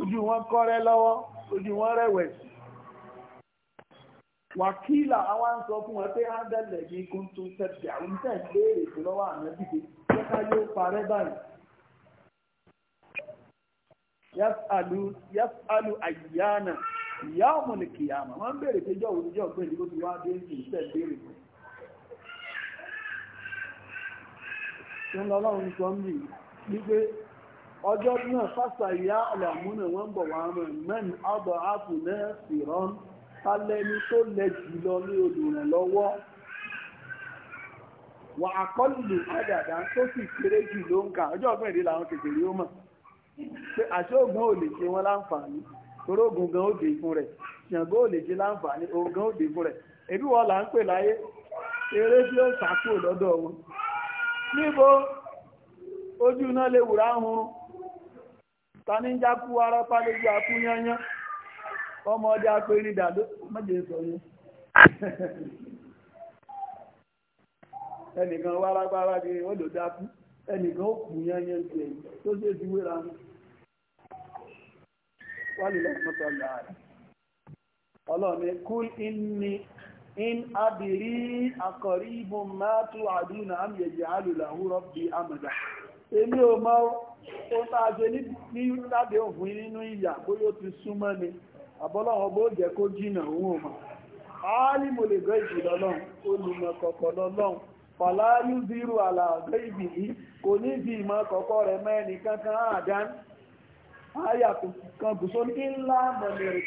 ojú wọn kọ́rẹ́ lọ́wọ́ ojú wọn rẹ̀wẹ̀sí wàkílà àwọn ń sọ fún wọn pé ádẹ́lẹ̀ yìí kún tún tẹ̀sí àwọn tẹ̀ léèrè lọ́wọ́ yóò parẹ́ báyìí wọ́n béèrè jọ́ ọ̀gbẹ́ni ti wá dé ńlọ́lọ́run sọ nke bì wípé ọjọ́ náà fásità ìyá àlàmúnà wọ́n bọ̀ wá rán mẹ́rin ọgbọ̀ áàpù náà sì rán tálẹ́ni tó lẹ lọ ní olùrànlọ́wọ́ wà àkọlù àdàdà tó sì kéré jù ló ń ọjọ́ làwọn kékeré ó wọn láǹfààní gan ó dé fún rẹ̀ ò lè ṣe láǹfààní ó dé fún rẹ̀ èbí wọn n'ibo ojú iná ahụrụ, wùrá hun taníjá kú ara pálójú akú yányán ọmọ ọdẹ apẹ̀rìndà ló mọ́jẹ̀ sọ yẹn ẹnìkan wá lágbára bí ó dákú ẹnìkan ó kù yányán sí ẹ̀yìn tó ṣe ti wéra hun wálé rẹ̀ kúl in adìrí àkọ̀ríbù máa tó àdúnà àmì ẹ̀jẹ̀ alùlàhúrọ̀ bí àmàdà èmi ò mọ̀ ó tàà ṣe ụhụ lábẹ́ òfin nínú ìyà bó yóò ti súnmọ́ ni àbọ́lọ́wọ́ bó jẹ́ kó jìnà òun ò mọ̀ áálì mo kò ní di rẹ̀ mẹ́ni kankan kan ní ńlá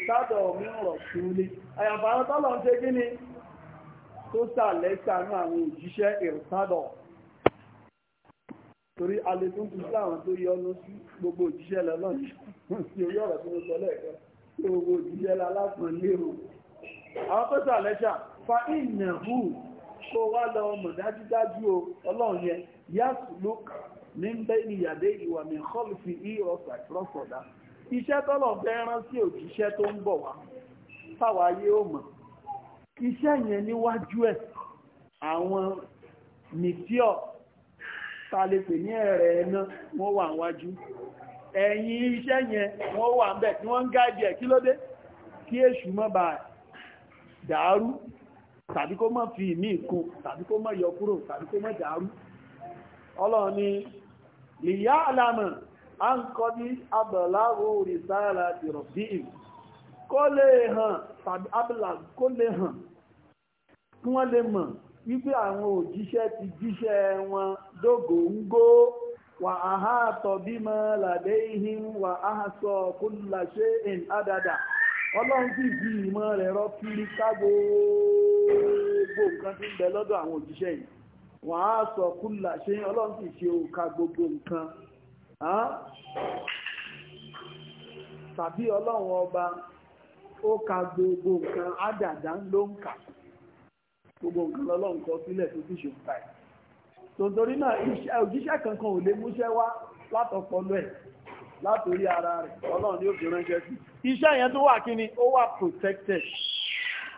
sádọ̀ mi rọ̀ àyàfà àwọn tọ́lọ̀ ń ṣe kí ni tó sàlẹ́sàánú àwọn òjíṣẹ́ ìrùsádọ̀ torí alẹ́tún tún láwọn tó yọnu sí gbogbo òjíṣẹ́ lọ́nà sí orí ọ̀rọ̀ tí mo sọ lẹ́ẹ̀kan tí gbogbo òjíṣẹ́ lálápọn lérò àwọn tó sàlẹ́sà fa ìnàhù kó wá lọ mọ̀ dájúdájú o ọlọ́run yẹn yásù lók ní ń bẹ́ ní ìyàdé ìwà mi kọ́lùfì ìrọ̀sà ìrọ̀sọ̀dá iṣẹ́ tọ́lọ̀ fẹ́ rán sí òjíṣẹ́ tó ń bọ̀ wá táwa ayé ó mọ̀ iṣẹ́ yẹn níwájú ẹ̀ àwọn mìtíọ̀ tàlepè ní ẹ̀rẹ̀ ẹ̀nà wọ́n wà níwájú ẹ̀yìn iṣẹ́ yẹn wọ́n wà ń bẹ̀ tí wọ́n ń gáàdì ẹ̀ kí ló dé kí èṣù má bà dàárú tàbí kó má fi ìmí ìkun tàbí kó má yọ kúrò tàbí kó má dàárú ọlọ́run lìyá àlàmà a ń kọ́ bí abọ̀láwò rìsáàlà ìrọ̀bí kó lè hàn kí wọ́n lè mọ̀ wípé àwọn òjíṣẹ́ ti jíṣẹ́ wọn dógóńgó wà á há tọ̀bí mọ́ làdé ihim wà á sọ kúlàṣe in adada ọlọ́run sì fi ìmọ̀ rẹ̀ rọ ká gbogbo nǹkan ń bẹ lọ́dọ̀ àwọn òjíṣẹ́ yìí wà á sọ ọlọ́run sì ṣe gbogbo nǹkan tàbí ọba ó ka gbogbo nǹkan ló ń gbogbo nǹkan lọ́lọ́run kọ sílẹ̀ tó sì ṣòkà ẹ̀ tòǹtòrí náà òjíṣẹ́ kankan ò lè múṣẹ́ wá látọpọlọ ẹ̀ látòrí ara rẹ̀ ọlọ́run ni ó ránṣẹ́ sí iṣẹ́ yẹn tó wà kí ni ó wà protected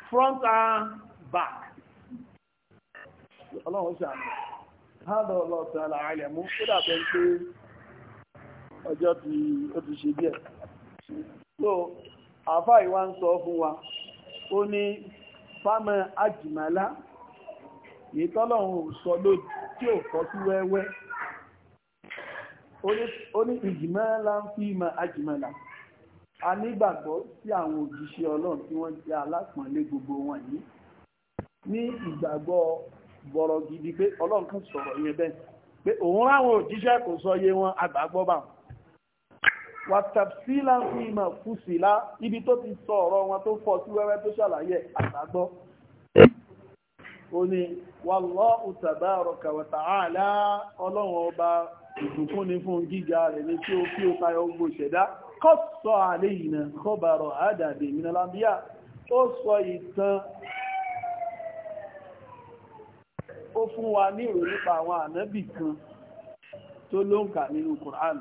front and back ọlọ́run ṣàmì hádọ̀ mú dàbẹ̀ pé ọjọ́ tí ó ti ṣe díẹ̀ so àfáà ń sọ fún fámọ́ àjìmọ́lá yìí tọ́lọ́run ò sọ lójú tí ò kọ́ sí wẹ́wẹ́ ó ní ìjìmọ́lá ń fi mọ́ àjìmọ́lá a nígbàgbọ́ sí àwọn òjíṣẹ́ ọlọ́run tí wọ́n jẹ́ alápọ̀nlé gbogbo wọn yìí ní ìgbàgbọ́ bọ̀rọ̀ gidi pé ọlọ́run kan sọ̀rọ̀ yẹn bẹ́ẹ̀ pé òun ráwọn òjíṣẹ́ kò sọ iye wọn àgbàgbọ́ báwọn wàtàfsílà ń fi ìmọ̀ fúsìlá ibi tó ti sọ ọ̀rọ̀ wọn tó fọ́ sí wẹ́wẹ́ tó ṣàlàyé àtàgbọ́ ó ní wallahu tabaraka wa ta'ala ọlọ́run ọba ìbùkún ni fún gíga rẹ̀ ní tí ó kí ó tayọ gbogbo ìṣẹ̀dá kọ́sọ̀ àlẹ́ ìnà kọ́bàrọ̀ àdàdè ìmìnàlábíà ó sọ ìtàn ó fún wa ní ìròyìn nípa àwọn ànábì kan tó lóǹkà nínú Kùránì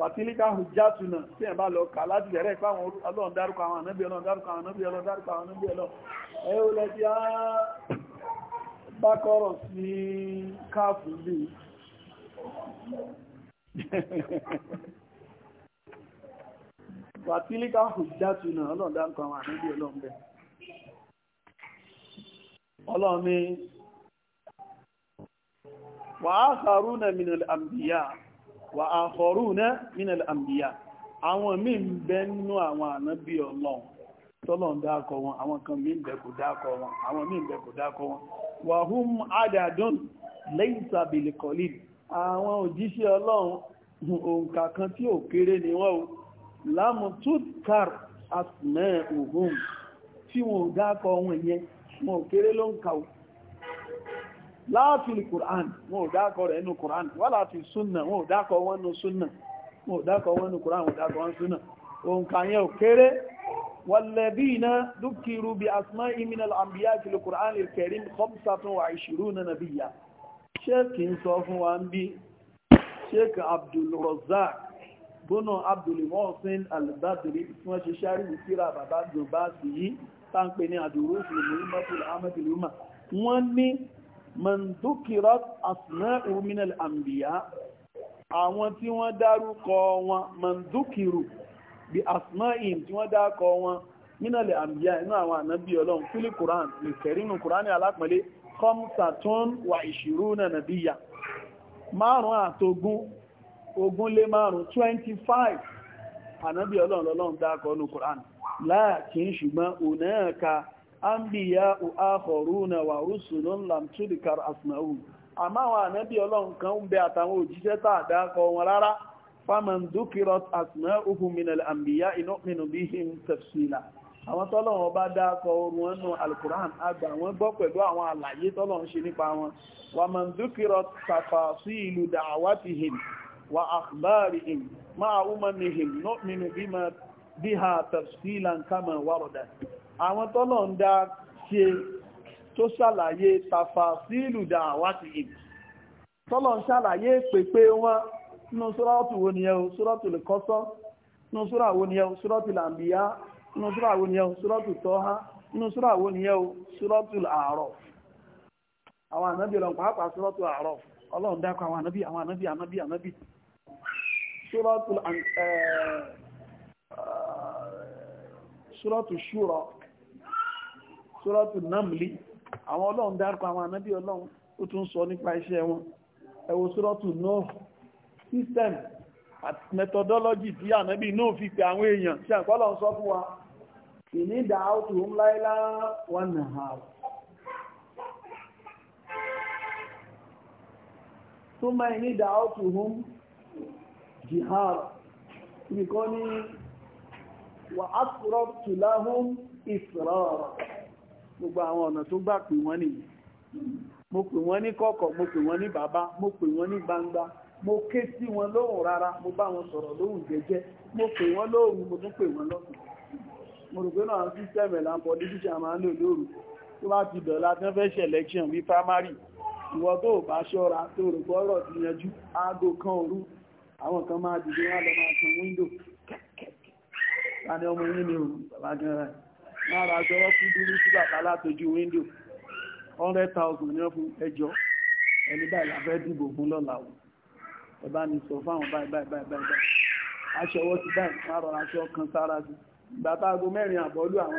wàtílíkà hujjátùnà tí ẹ̀ bá lọ kà láti bẹ̀rẹ̀ ipá àwọn ọlọ́run dárúkọ àwọn ànábì ọlọ́run dárúkọ àwọn ànábì ọlọ́run dárúkọ àwọn ànábì ọlọ́run ẹ ó lẹ tí sí káàfù bí wàtílíkà hujjátùnà ọlọ́run dárúkọ àwọn ànábì ọlọ́run bẹ̀ ọlọ́run ni wàásàrú nà wà akharuna minal anbiya àwọn míì ń bẹ nínú àwọn ànábì ọlọ́run tọ́lọ̀ ń dákọ wọn àwọn kan míì ń dákọ wọn àwọn míì ń dákọ wọn wa hum adadun laysa bil qalil àwọn òjíṣẹ́ ọlọ́run òǹkà kan tí ò kéré ni wọ́n o lámù tutkar asma'uhum tí wọn ò láàfin kùrán wọn ò dákọ̀ rẹ̀ nínú kùrán wà láàfin súnà wọn ò dákọ̀ wọn nínú súnà wọn ò dákọ̀ wọn nínú kùrán wọn ò dákọ̀ wọn súnà òǹkà yẹn ò kéré والذين ذكروا بأسماء من الأنبياء في القرآن الكريم خمسة وعشرون نبيا شيخ صفو أنبي شيخ عبد الرزاق بن عبد المحسن البدري اسمه شاري وكيرا بابا جباسي تانكني أدروس المهمة العامة الأمة wọ́n ní man dhukirat asna'u من al-anbiya àwọn tí wọ́n dárúkọ wọn man dhukiru bi asna'in tí wọ́n dárúkọ wọn min al-anbiya inú àwọn ànábì Ọlọ́run fili Qur'an lè kẹrí nù Qur'an ní alápẹ̀lẹ́ khamsatun wa ishiruna márùn àtogún ogún lé márùn 25 ànábì Ọlọ́run lọ́lọ́run dárúkọ nù Qur'an láàkín ṣùgbọ́n òun náà ka anbiya akharuna wa rusulun lam tudkar asma'uhum àmọ́ àwọn ànábì ọlọ́run kan ń bẹ àtàwọn òjíṣẹ́ tá àdákọ wọn rárá faman dukirat asma'uhum minal anbiya inu'minu bihim tafsila àwọn tọ́lọ́run bá dákọ orun wọn nù alukuran àgbà wọn gbọ́ pẹ̀lú àwọn àlàyé tọ́lọ́run ṣe nípa wọn waman dukirat tafasilu da'awatihim wa akhbarihim ma'a umamihim nu'minu bima biha tafsilan kama warada àwọn tọ́lọ̀ ń dá ṣe tó ṣàlàyé tàfà sílù dá àwátì ìbì tọ́lọ̀ ń ṣàlàyé pèpè wọn nínú sọ́rọ̀tù wo ni ẹ̀hùn sọ́rọ̀tù lè kọ́sọ́ nínú sọ́rọ̀ wo ni ẹ̀hùn sọ́rọ̀tù làǹbíyá tọ́há nínú wo ni ẹ̀hùn sórọ́tù námlì àwọn ọlọ́run dárúkọ àwọn ànábì ọlọ́run ó tún sọ nípa iṣẹ́ wọn ẹ wo sórọ́tù náà system àti methodology tí ànábì náà fi pe àwọn èèyàn ṣe àkọ́lọ̀ ń sọ fún wa ìnídà áùtù ń láìlá wọn nà tó máa ìnídà áùtù ń jihar nìkan ní wà á sọ̀rọ̀ tùláhùn ìsọ̀rọ̀ gbogbo àwọn ọ̀nà tó gbà pè wọ́n nìyí mo pè wọ́n ní kọ̀kọ̀ mo pè wọ́n ní bàbá mo pè wọ́n ní gbangba mo ké sí wọn lóhùn rárá mo bá wọn sọ̀rọ̀ lóhùn jẹ́jẹ́ mo pè wọ́n lóhùn mo tún pè wọ́n lọ́sùn mo rò pé náà àwọn sísẹ́mù láǹpọ̀ ní tíṣà máa lò lóru tó bá ti dọ̀la tí fẹ́ ṣe election bí primary ìwọ tó bá ṣọ́ra tó rò gbọ́rọ̀ ti yanjú aago kan òru àwọn kan máa dìde wọn lọ máa tan window kẹ́kẹ́kẹ́ láti ọmọ yín ni òru bàbá gan-an lára aṣọ́rọ́ fún dúró sí bàbá látojú wíńdò 100,000 ní ọkùn ẹjọ́ ẹni báyìí la dìbò fún lọ́la o ní sọ fáwọn báyìí báyìí báyìí báyìí aṣọwọ́ ti báyìí márọ̀ aṣọ kan sára sí bàbá aago mẹ́rin àbọ̀lú àwọn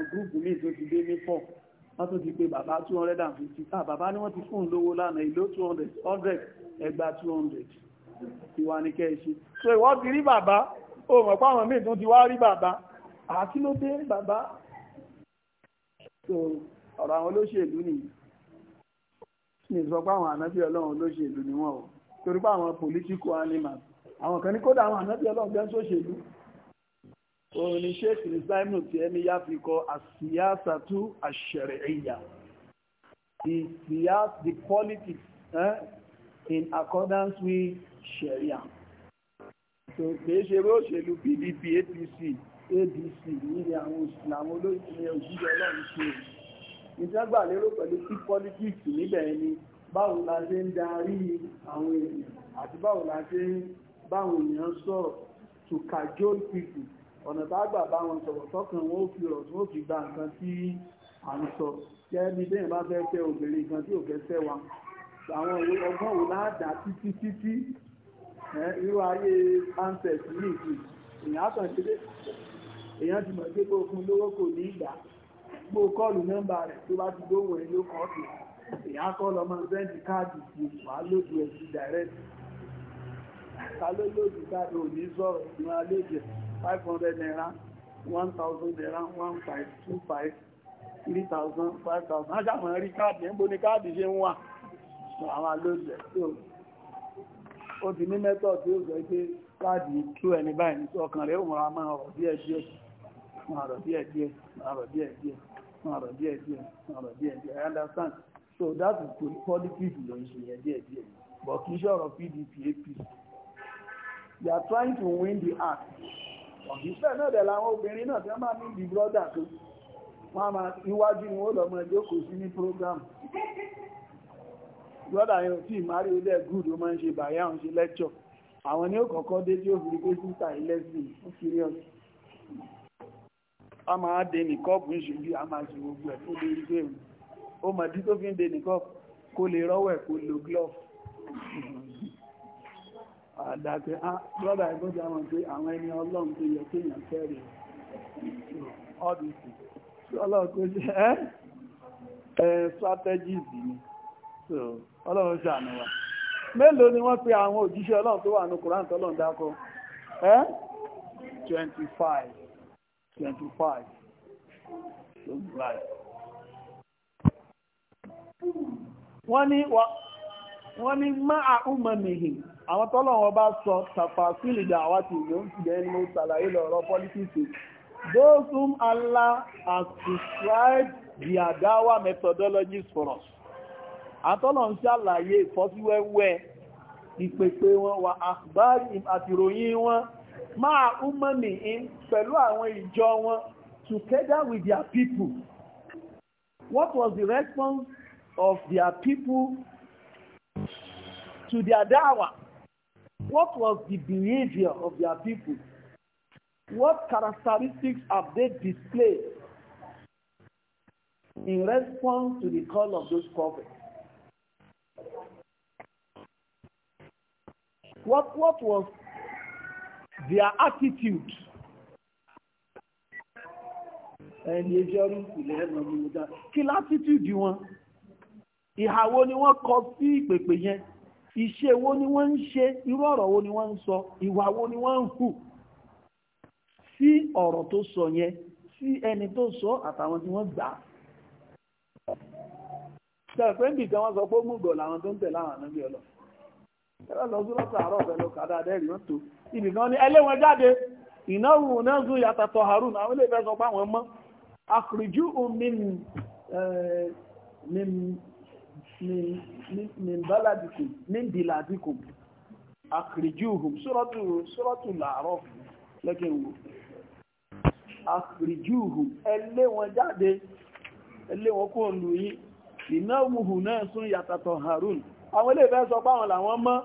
so ọ̀rọ̀ àwọn olóṣèlú nìyí ní sọ pé àwọn ànábì ọlọ́run olóṣèlú ni wọ́n o torí pé àwọn political animals àwọn kan ní kódà àwọn ànábì ọlọ́run jẹ́ sóṣèlú òun ni sheikh ní simon tí ẹni yá fi kọ àsíyásàtú àṣẹrẹ̀ẹ́yà the siyas the politics eh, in accordance with sharia so kìí ṣe eré òṣèlú pdp apc abc yìí ni àwọn òṣìṣẹ́ àwọn olóyìn òjíṣẹ́ ọlọ́run ṣe ìjọba lérò pẹ̀lú sí politics níbẹ̀ ni báwo la ṣe ń darí àwọn èèyàn àti báwo la ṣe ń báwọn èèyàn sọ̀rọ̀ to cajole people ọ̀nà tá gbà bá wọn sọ̀rọ̀ tọ́kàn wọn ó fi rọ̀ tí wọ́n fi gba nǹkan tí à ń sọ gẹ́gẹ́ bí bẹ́ẹ̀ bá fẹ́ fẹ́ obìnrin kan tí ò fẹ́ fẹ́ wa àwọn ọgbọ́n wo láàdá títí títí irú ayé ancest ní ìsìn ìyá kan ṣe èèyàn ti mọ̀ pé kó fún lówó kò ní ìgbà gbó kọ́ọ̀lù nọ́mbà rẹ̀ tó bá ti dóhùn ẹ̀ ló kọ́ sí èèyàn kọ́ lọ máa bẹ́ǹdì káàdì sí wà lójú ẹ̀ sí direct ta ló lójú káàdì ò ní sọ̀rọ̀ ìwọ̀n alẹ́jẹ̀ 500 naira 1000 naira 15 25 3000 5000 ajámọ̀ rí káàdì ń bo ní káàdì ṣe ń wà àwọn alójú ẹ̀ tó ó ti ní mẹ́tọ̀ tí ó sọ pé káàdì tú ẹni báyìí ọkàn rẹ̀ òun ra máa rọ̀ díẹ̀díẹ̀ I understand so that is politics ló ń ṣe yẹn díẹ̀ díẹ̀ but kì í ṣọ̀rọ̀ PDP APC they are trying to win the act ọ̀gbìnfẹ́ náà dẹ̀ làwọn obìnrin náà tí wọ́n máa ní the brother kan wọ́n á máa iwájú ni wọ́n lọ́mọ ẹjọ́ kò sí ní program Brother, you see, tí ìmárí ilẹ̀ gúùd ó máa ń ṣe bàyá òun ṣe lẹ́kṣọ̀ àwọn ni ó kọ̀ọ̀kan dé tí ó fi rí ama máa dé nìkọ́ọ̀pù ìṣòjú a máa ṣe gbogbo ẹ̀ tó lè rí bẹ́ẹ̀ ó mọ̀ dí tó fi ń dé nìkọ́ọ̀pù kó lè yẹ kéèyàn kẹ́rì ọdún sí ọlọ́run tó jẹ́ ni ni wọ́n pe àwọn òjíṣẹ́ ọlọ́run tó wà ní kòrántọ́lọ́run dákọ́ ẹ́ 25 25 ló gbà ẹ̀. wọ́n ní wọ́n a máa ọmọ mìhìn àwọn tọ́lọ̀wọ́ bá sọ tàfàsílì dàwà tí yóò ti dẹ̀ ní ṣàlàyé lọ́rọ̀ pọ́lítíìsì those whom Allah has prescribed the adawa methodologies for us àtọ́lọ̀ ń ṣàlàyé ìfọ́síwẹ́wẹ́ ìpèpè wọn wà àgbáyìn àti ìròyìn wọn máa úmọ́ mi in pẹ̀lú àwọn ìjọ wọn together with their people what was the response of their people to their dawa? what was the behavior of their people what characteristics have they displayed in response to the call of those prophets? What, what was their attitude ẹni ẹjọ́ rí ìpìlẹ̀ ẹ̀nà ní ọjà kí látítùdì wọn ìhàwó ni wọ́n kọ sí ìpèpè yẹn iṣẹ́ wo ni wọ́n ń ṣe irú ọ̀rọ̀ wo ni wọ́n ń sọ ìwà wo ni wọ́n ń hù sí ọ̀rọ̀ tó sọ yẹn sí ẹni tó sọ àtàwọn tí wọ́n gbà á. sẹ́ẹ̀pẹ́ nìkan wọ́n sọ pé ó mú gọ̀ làwọn tó ń tẹ̀lé àwọn ànábì ọlọ́ ẹ̀rọ lọ sí lọ́sọ̀ àárọ̀ ọ̀fẹ́ ló kà dáadáa ẹ̀rí tó ibì ẹlẹ́wọ̀n jáde ìnáwó náà zún harun àwọn ilé ìfẹ́ sọ pé àwọn mọ́ àkùrìjú omi àkùrìjú sọ́rọ́tù làárọ̀ àkùrìjú ẹlẹ́wọ̀n jáde ẹlẹ́wọ̀n ìnáwó náà zún harun àwọn ilé ìfẹ́ sọ páwọn làwọn mọ́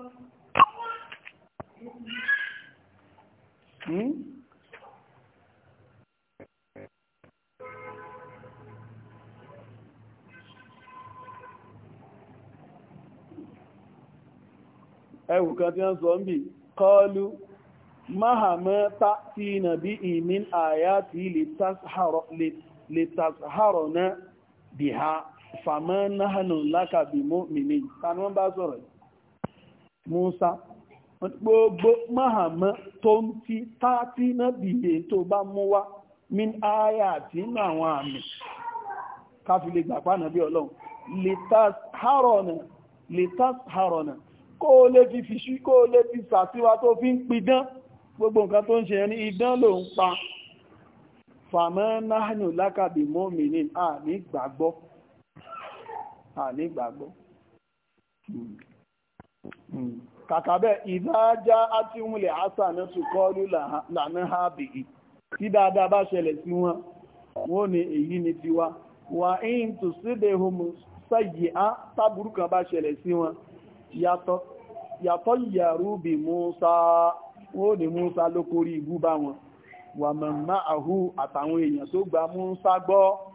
hmm? ẹwù kan tí wọ́n sọ ń bí kọlu mahamẹ́ ta ti nà bí ìmìn àyà ti lè tàṣàrọ̀ náà bí ha fàmọ́ náhànà lákàbí mọ́mìnì tàbí wọ́n bá sọ̀rọ̀ Musa gbogbo mahama tó ń ti tààtí náà dìde tó bá mú wá min aya àti inú àwọn àmì káfílẹ̀ gbàpá náà bí ọlọ́run litas harona kó o lè fi fi ṣí kó o lè fi sàtíwá tó fi ń pidán gbogbo nǹkan tó ń ṣe ẹni idán ló ń pa fàmọ́ náhànà lákàbí mọ́mìnì àmì gbàgbọ́ ànígbàgbọ́ hmm. hmm. kàkà ìdájá àti ìmúlẹ̀ àṣà náà tún lànà ha na tí dáadáa bá ṣẹlẹ̀ sí wọn wọ́n ni èyí ni tiwa wà ń tù síde homo sáyé á tábùrú kan bá ṣẹlẹ̀ sí wọn yàtọ̀ yàrú bí Musa wọ́n ní Musa ló wọn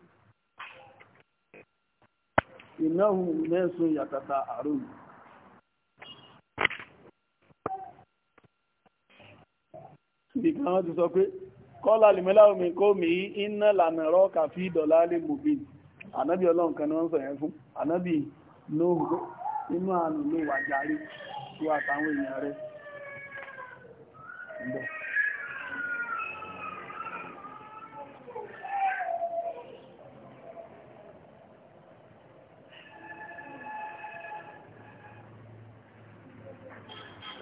ìnáhùn mẹ́sùn yàtàtà àrùn ìkan wọ́n ti sọ pé kọ́lá Limela mi kó mi iná lànà rọ́ọ̀kà fi dọ̀lá lè mùbí ànábì ọlọ́run ni wọ́n sọ yẹn fún ànábì lóhùn inú àánú ló wà tó àtàwọn èèyàn rẹ̀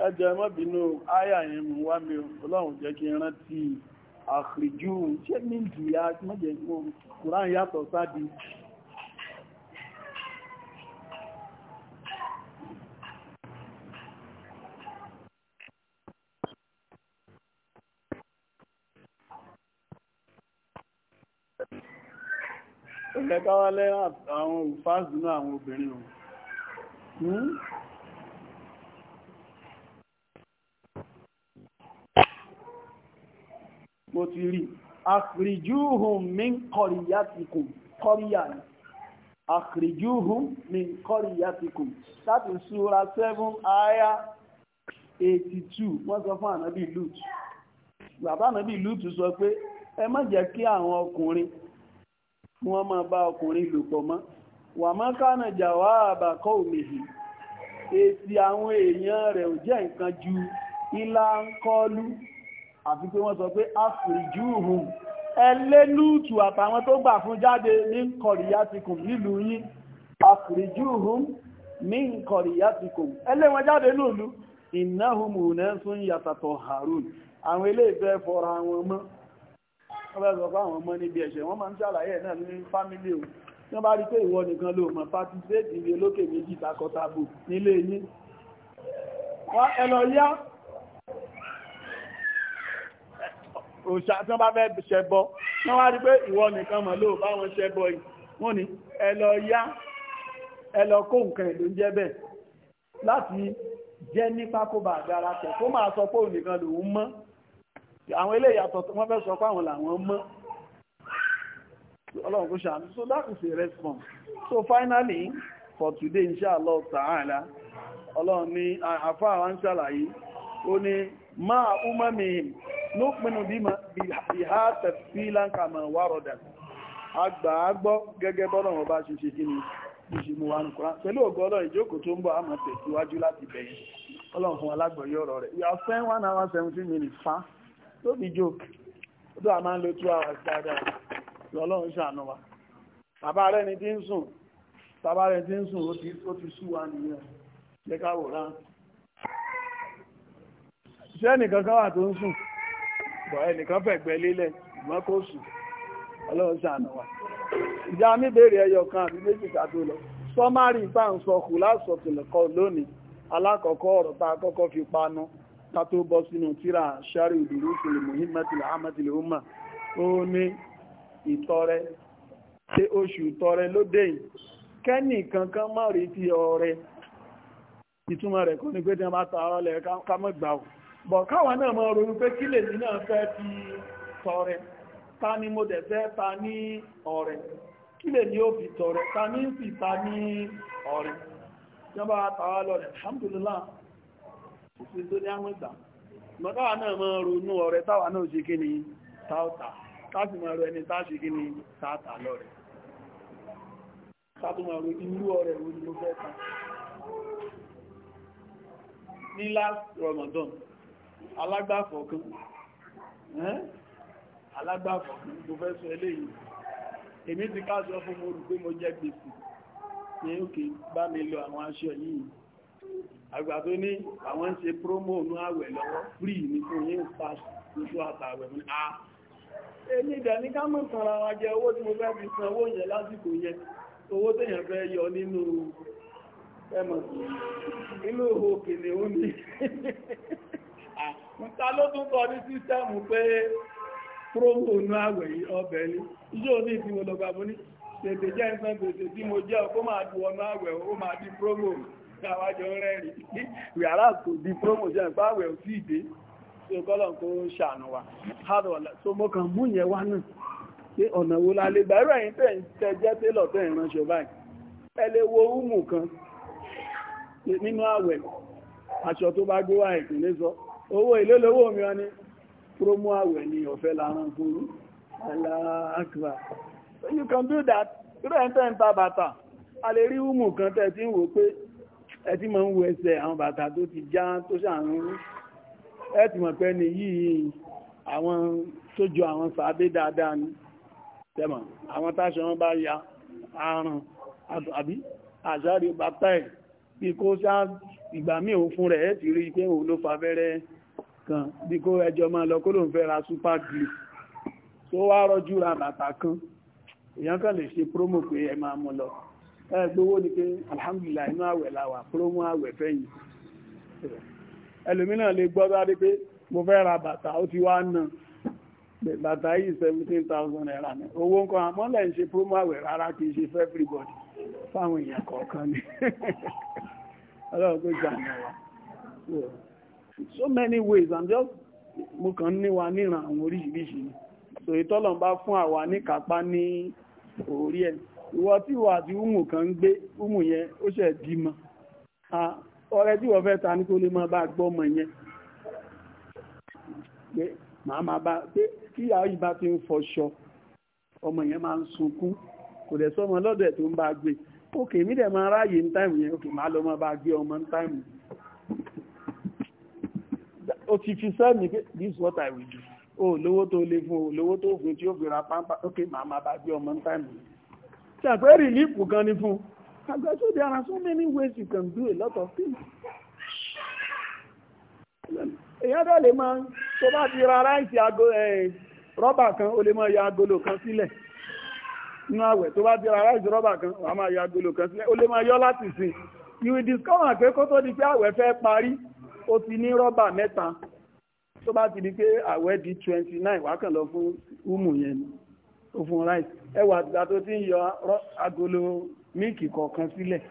ẹjọ ẹ má bínú àyà yẹn mú wá mi ọlọ́run jẹ́ kí n rántí àkìrìjú ṣé ní ìjìyà mọ́jẹ̀ kùrán yàtọ̀ sáàdì ẹ̀kọ́ wálẹ́ àwọn òfáàsì náà àwọn obìnrin ohun hmm? mo ti rí min kọ̀ríyàtìkùn kọ́ríyà ni àkìrìjúhùn min kọ̀ríyàtìkùn láti súra 7 aya 82 wọ́n sọ fún ànábì lute. bàbá ànábì lútù sọ pé ẹ má jẹ́ kí àwọn ọkùnrin wọ́n máa bá ọkùnrin lò pọ̀ mọ́ wà jàwá àbàkọ́ òmìnir èsì àwọn èèyàn rẹ̀ ò jẹ́ nǹkan ju ilá àti pé wọ́n sọ pé afrijuhum ẹlẹ́lúùtù àtàwọn tó gbà fún jáde ní kọ̀rìyàtìkùn nílùú yín afrijuhum ní kọ̀rìyàtìkùn ẹlẹ́wọ̀n jáde lòlú innahum unasun yatatoharun àwọn ilé ìfẹ́ fọ́ra wọn mọ́ wọ́n bẹ́ẹ̀ sọ pé àwọn ọmọ níbi ẹ̀ṣẹ̀ wọ́n máa ń ṣàlàyé náà ní fámílì o tí wọ́n bá rí pé ìwọ nìkan ló mọ̀ òṣà tí wọ́n bá fẹ́ ṣẹbọ wọ́n wá rí pé ìwọ nìkan mọ̀ lóò bá wọn ṣẹbọ yìí wọ́n ní ẹ yá ẹ kó nǹkan èlò ń jẹ́ bẹ́ẹ̀ láti jẹ́ ní pákóbà àgbára tẹ̀ kó máa sọ pé òun nìkan lòun mọ́ àwọn ilé ìyàtọ̀ wọ́n fẹ́ sọ pé làwọn mọ́ ọlọ́run kó ṣàánú so that is a response so finally for today inshallah ta'ala ọlọ́run ní àfáà wa ń ṣàlàyé ó ní máa úmọ́ mi nukminu biha tafsilan kama warada agbàágbọ́ gẹ́gẹ́ bọ́lọ̀ wọn bá ṣe ṣe ìṣìmú wa ní kúrán pẹ̀lú ògbọ́lọ̀ ìjókòó tó ń bọ̀ àmà tẹ̀síwájú láti bẹ̀yìn ọlọ́run hour seventeen minutes faa! joke ma n lo two hours ti nìkan wà tó ń bọ̀ ẹnìkan fẹ̀gbẹ́ lélẹ̀ ìgbọ́n kó sùn ọlọ́run ṣàánú wa ìjà mi béèrè ẹyọ kan àbí méjì ká tó lọ sọmárì tá à ń sọ kù lásọtìlẹ̀kọ lónìí alákọ̀ọ́kọ́ ọ̀rọ̀ tá a kọ́kọ́ fi panu ká tó bọ́ sínú tíra ṣáré òdòdó sílẹ̀ mohimmedul ahmedul umar ó ní ìtọrẹ ṣé oṣù tọrẹ ló dé yìí kẹ́nì kankan bọ̀ káwa náà mọ́ ronú pé kí lèmi náà fẹ́ fi tọrẹ ta ni mo dẹ̀ fẹ́ ta ní ọrẹ kí lèmi ó fi tọrẹ ta ní sì ta ní ọrẹ jọba tàwa lọ rẹ̀ alhamdulillah òfin tó ní àwọn ìgbà mọ́ káwa náà mọ́ ronú ọrẹ táwa náà ṣe alágbàfọ̀ kan alágbàfọ̀ kan mo fẹ́ sọ eléyìí èmi ti káàsọ fún mo rò pé mo jẹ gbèsè ní òkè bá mi lọ àwọn aṣọ yìí àgbà tó ní àwọn ń ṣe promo ní àwẹ̀ lọ́wọ́ free ní fún yín pass oṣù àtàwẹ̀ mi a èmi ìdẹ̀ ní ká mọ̀ sanra wa jẹ owó tí mo fẹ́ fi san owó yẹn lásìkò yẹn owó tèèyàn fẹ́ yọ nínú ẹmọ̀ inú òkè ni ó ní ta ló tún kọ ní sísẹ́mù pé promo inú àwẹ̀ yìí ọbẹ̀ ní iṣẹ́ òní ìdí mo lọ́gbà mú ní tètè jẹ́ ìsan gbèsè tí mo jẹ́ ọkọ́ máa du ọ̀nà àwẹ̀ ó máa di promo káwájọ rẹ́rìn yàrá kò di promo jẹ́ ìpá àwẹ̀ ò sí ìdé tí ó kọ́lọ̀ wa so mo kàn mú yẹn wá náà pé ọ̀nà wo la lè gbà ẹ̀rọ ẹ̀yìn tẹ̀ ń tẹ jẹ́ télọ̀ tẹ̀ ń ránṣọ báyìí aṣọ tó bá gbé ìpínlẹ̀ sọ owó ilé lówó mi wọ́n ni promo àwẹ̀ ni ọ̀fẹ́ láàrín fúrú aláàkìbà you can do that rẹ́ntẹ́ ń ta bàtà a lè rí húmù kan tẹ́ ti ń wò pé ẹ ti mọ̀ ń wo ẹsẹ̀ àwọn bàtà tó ti já tó ṣàrùn ẹ ti mọ̀ pé ni yìí àwọn tó àwọn sàábé dáadáa ni tẹ́mọ̀ àwọn táṣọ wọn bá ya àrùn àbí àṣàrí bàtà ẹ̀ bí kó ṣá ìgbà míì òun fún rẹ̀ ẹ ti rí i pé òun ló fa fẹ́rẹ́ kan bí kó ẹjọ́ máa lọ kó ló ń fẹ́ ra super glue tó wá rọ́jú ra bàtà kan èèyàn kan lè ṣe promo pé ẹ máa mú lọ ẹ gbowó ni pé alhamdulillah inú àwẹ̀ la wà promo àwẹ̀ fẹ́yìn ẹlòmíràn lè gbọ́ bá rí pé mo fẹ́ ra bàtà ó ti wá náà bàtà yìí 17,000 naira ní owó nǹkan àmọ́lẹ̀ ń ṣe promo àwẹ̀ rárá kì í ṣe fẹ́ everybody fáwọn èèyàn kọ̀ọ̀kan ni ọlọ́run tó jà náà wà so many ways i'm just mo kàn ní wa níran àwọn oríṣiríṣi so ìtọ́lọ̀ bá fún àwa ní kápá ní orí ẹ̀ ìwọ tí wà àti umu kan ń gbé umu yẹn ó ṣẹ̀ bímọ ọrẹ tí wọ́n fẹ́ ta ní kó lè máa bá gbọ́ ọmọ yẹn pé màá máa bá pé kí ìyá yìí bá ti ń fọṣọ ọmọ yẹn máa ń sunkún kò dẹ̀ sọ́mọ lọ́dọ̀ ẹ̀ tó ń bá gbé òkè mí dẹ̀ máa ráàyè ní táìmù yẹn òkè máa lọ bá gbé ọmọ ní táìmù yẹn ó ti fi sẹ́ẹ̀mì pé this is what I will do o lówó tó lè fún o lówó tó fún tí ó fi ra pampa ok màá máa bá gbé ọmọ táìmù ṣàpẹ́ rìlífù kan ni fún àgbẹ̀ so there are so many ways you can do a lot of things èyàn dẹ̀ lè máa tó bá ti ra ráìsì ago rọ́bà kan o lè máa ya agolo kan sílẹ̀ nínú àwẹ̀ tó bá ti ra ráìsì rọ́bà kan wàá máa ya agolo kan sílẹ̀ o lè máa yọ láti sìn you will discover pé kó tó di pé àwẹ̀ fẹ́ parí ó ti ní rọ́bà mẹ́ta tó bá ti di pé àwẹ̀ di 29 wákàn lọ fún umu yẹn ni tó fún ewa ẹwà àtìgbà tó ti ń yọ agolo míìkì kọ̀ọ̀kan sílẹ̀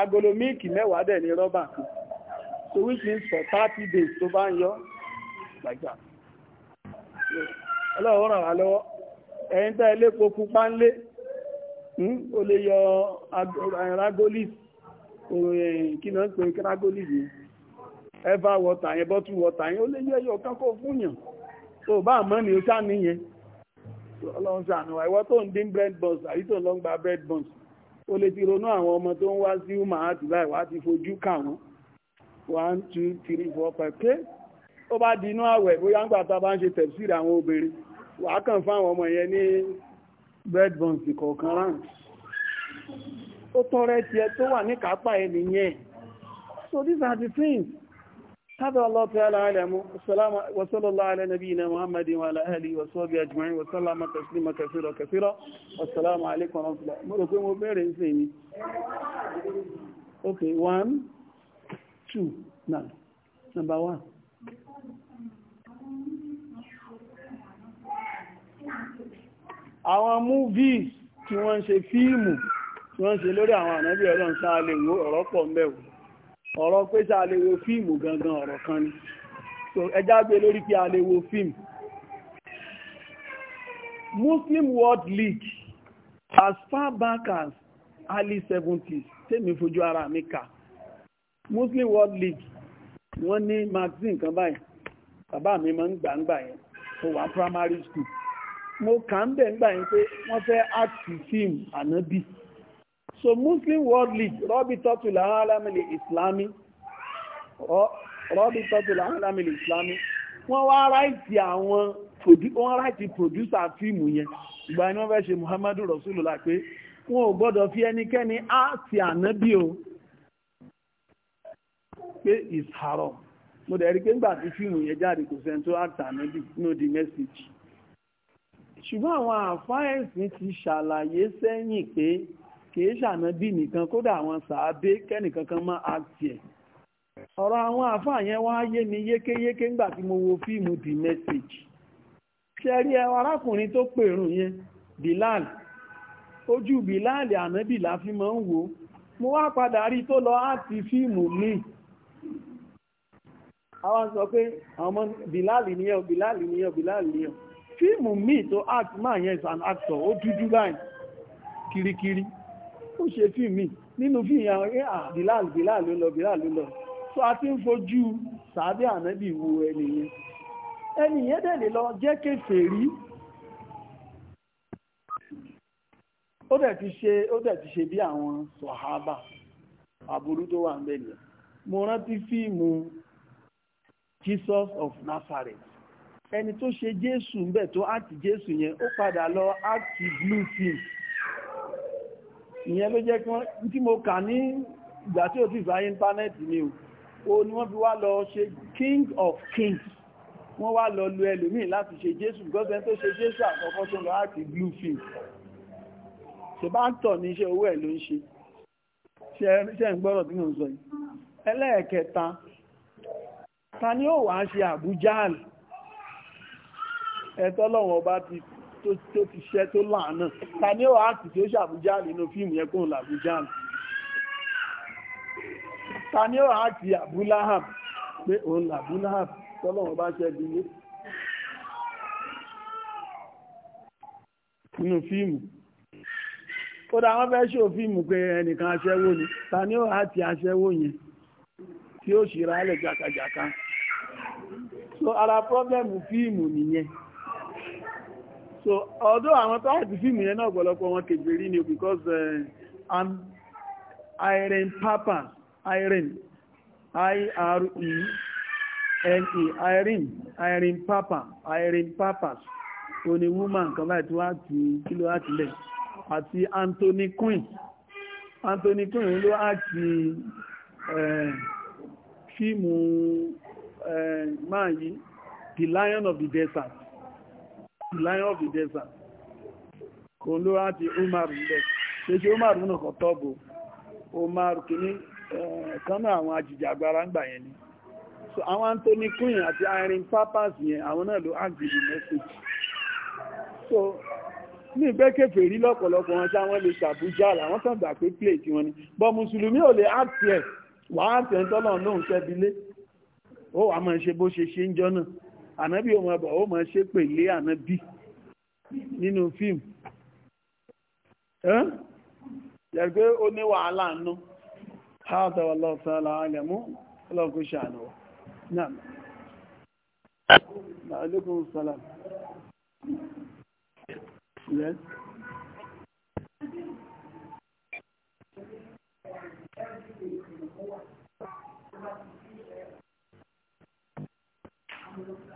agolo míìkì mẹ́wàá dẹ̀ ní rọ́bà kan so which means for 30 days tó bá ń yọ gbàgbà ọlọ́run ràn wá lọ́wọ́ ẹ̀yin tẹ́ ilé epo pupa ń hmm, o lè yọ ragolis eh, kí náà ń pè ragolis yìí ẹ̀fà wọ́tà yẹn bọ́tù wọ́tà yẹn ó lé yẹ́ yọ kákọ́ fún yàn tó bá mọ́ ni ó sá níyẹn ọlọ́run sànù àìwọ́ tó ń dín bread buns àbí tó ń lọ gba bread buns ó lè ti ronú àwọn ọmọ tó ń wá sí human heart láì wá ti fojú kà wọ́n one two three four five ké ó bá di inú àwẹ̀ bóyá ń gbà tá a bá ń ṣe tẹ̀síìrì àwọn obìnrin wàá kàn fáwọn ọmọ yẹn ní bread buns kọ̀ọ̀kan ráǹtì ó tọrẹ tiẹ̀ tó wà ní kápá ẹ nìyẹn so these are the things هذا الله تعالى السلام وصلى الله على نبينا محمد وعلى آله وصحبه أجمعين وسلم تسليما كثيرا كثيرا والسلام عليكم ورحمة الله مرحبا وبركاته إنساني Okay, one, two, now, number one. Àwọn movies tí wọ́n ṣe fíìmù tí wọ́n ṣe lórí àwọn ànábì Ọlọ́run sáà lè wó ọ̀rọ̀ pọ̀ mẹ́wàá ọ̀rọ̀ pé ṣe a lè wo fíìmù gangan ọ̀rọ̀ kan ni so ẹjá gbé lórí pé a lè fíìmù Muslim World League as far back as early 70s tèmi fojú ara mi kà Muslim World League wọ́n ní magazine kan báyìí bàbá mi máa ń gbàǹgbà yẹn tó wà primary school mo kà ń bẹ̀ ń gbà yẹn pé wọ́n fẹ́ act fíìmù ànábì. So Muslim worldly, League, Rabitatul Alam islami Rabitatul Alam al-Islami, wọ́n wá ráìtì àwọn wọ́n ráìtì pòdúsà fíìmù yẹn. Ìgbà ni wọ́n fẹ́ ṣe Muhammadu Rasulullah pé wọn ò gbọ́dọ̀ fi ẹnikẹ́ni áàtì ànábì o pé is haram. Mo dẹ̀ rí pé nígbà tí fíìmù yẹn jáde kò sẹ́ni tó áàtì ní odi mẹ́sìgì. Ṣùgbọ́n àwọn àfáà ti ṣàlàyé sẹ́yìn pé kìí ṣànábì nìkan kódà àwọn sàábé kẹ́nìkankan máa àti ẹ̀ ọ̀rọ̀ àwọn àfáà yẹn wá yé mi yékéyéké ńgbà tí mo wo fíìmù the message ṣẹ́rí ẹ arákùnrin tó pèrún yẹn Bilal ojú Bilal ànábì la fi máa ń wò mo wá padà rí tó lọ àti fíìmù míì àwọn sọ pé àwọn Bilal nìyẹn Bilal nìyẹn Bilal nìyẹn fíìmù míì tó act máa yẹn is an actor ó dúdú ó ṣe fíìmù mi nínú fíìmù àwọn ẹ̀ à bíláàlì bíláàlì lọ bíláàlì lọ so a ti ń fojú sàábẹ́ ànábì wo ẹnìyẹn ẹnìyẹn dẹ̀ lè lọ jẹ́ kèfèrí ó dẹ̀ ti ṣe ó dẹ̀ ti ṣe bí àwọn sọ̀hábà aburú tó wà ń bẹ̀ nìyẹn mo rántí fíìmù Jesus of Nazareth ẹni tó ṣe Jésù ń bẹ̀ tó áàtì Jésù yẹn ó padà lọ áàtì blue film ìyẹn ló jẹ́ tí mo kà ní ìgbà tí ò ti fà íńtánẹ́ẹ̀tì ni o ni wọ́n fi wá lọ ṣe king of kings wọ́n wá lọ lu ẹlòmíì láti ṣe jésù gọ́ọ̀bẹ́ tó ṣe jésù àkọ́kọ́ tó lọ láti bluefield ṣe bá ń tọ̀ ní iṣẹ́ owó ẹ̀ ló ń ṣe ṣe ń gbọ́rọ̀ bí mo sọ yìí ẹlẹ́ẹ̀kẹta ta ni ó wá ṣe àbújáàlì ẹ̀tọ́lọ́wọ̀n ọba ti tó ti ṣẹ́ tó láàánà ta ní ó tí ó ṣàbújá nínú fíìmù yẹn kóhùn ta ní ó áàtì àbúláhàb pé òun làbúláhàb tọ́lọ́wọ́n bá ṣẹ́ bí nínú fíìmù kódà wọ́n fẹ́ ṣó fíìmù pé ẹnìkan aṣẹ́wó ni ta ní ó áàtì aṣẹ́wó yẹn tí ó ṣìra alẹ́ jàkàjàkà so ara pọ́blẹ́mù fíìmù nìyẹn so although àwọn tó àti fíìmù yẹn náà ọ̀pọ̀lọpọ̀ wọn kèfèrí ni because uh, I'm Irene Papa Irene I-R-E-N-E e, Irene Irene Papa Irene Papas oní woman kan láì tí wọ́n ti kílò láti lẹ̀ àti Anthony Quinn Anthony Quinn ló àti eh, fíìmù eh, máa yìí The Lion of the Desert lion of the desert kò ló láti Umar lẹ̀ ṣe ṣe Umar nù kọ̀ tọ́bù Umar kìíní eh, kánú àwọn ajìjàgbara ń gbà yẹn ni so àwọn Anthony Quinn àti Irene Pappas yẹn àwọn náà ló ágbìlì message so ní ìgbẹ́kẹ̀fẹ̀ rí lọ́pọ̀lọpọ̀ wọn tí àwọn lè ṣàbújá àwọn kan gbà pé play tí wọn ni bọ́ mùsùlùmí ò lè áàtì ẹ̀ wàá tẹ̀ ń tọ́lọ̀ lóhùn tẹ́bilé ó wàá máa ṣe bó ṣe ṣe ń jọ náà ànábì ò máa bọ̀ ó máa ṣe pèlé ànábì nínú fíìmù yẹ̀rù pé ó ní wàhálà nù hádà wà lọ́sàálà alẹ́mú ọlọ́kù ṣàánú wa náà alaikum salam Thank you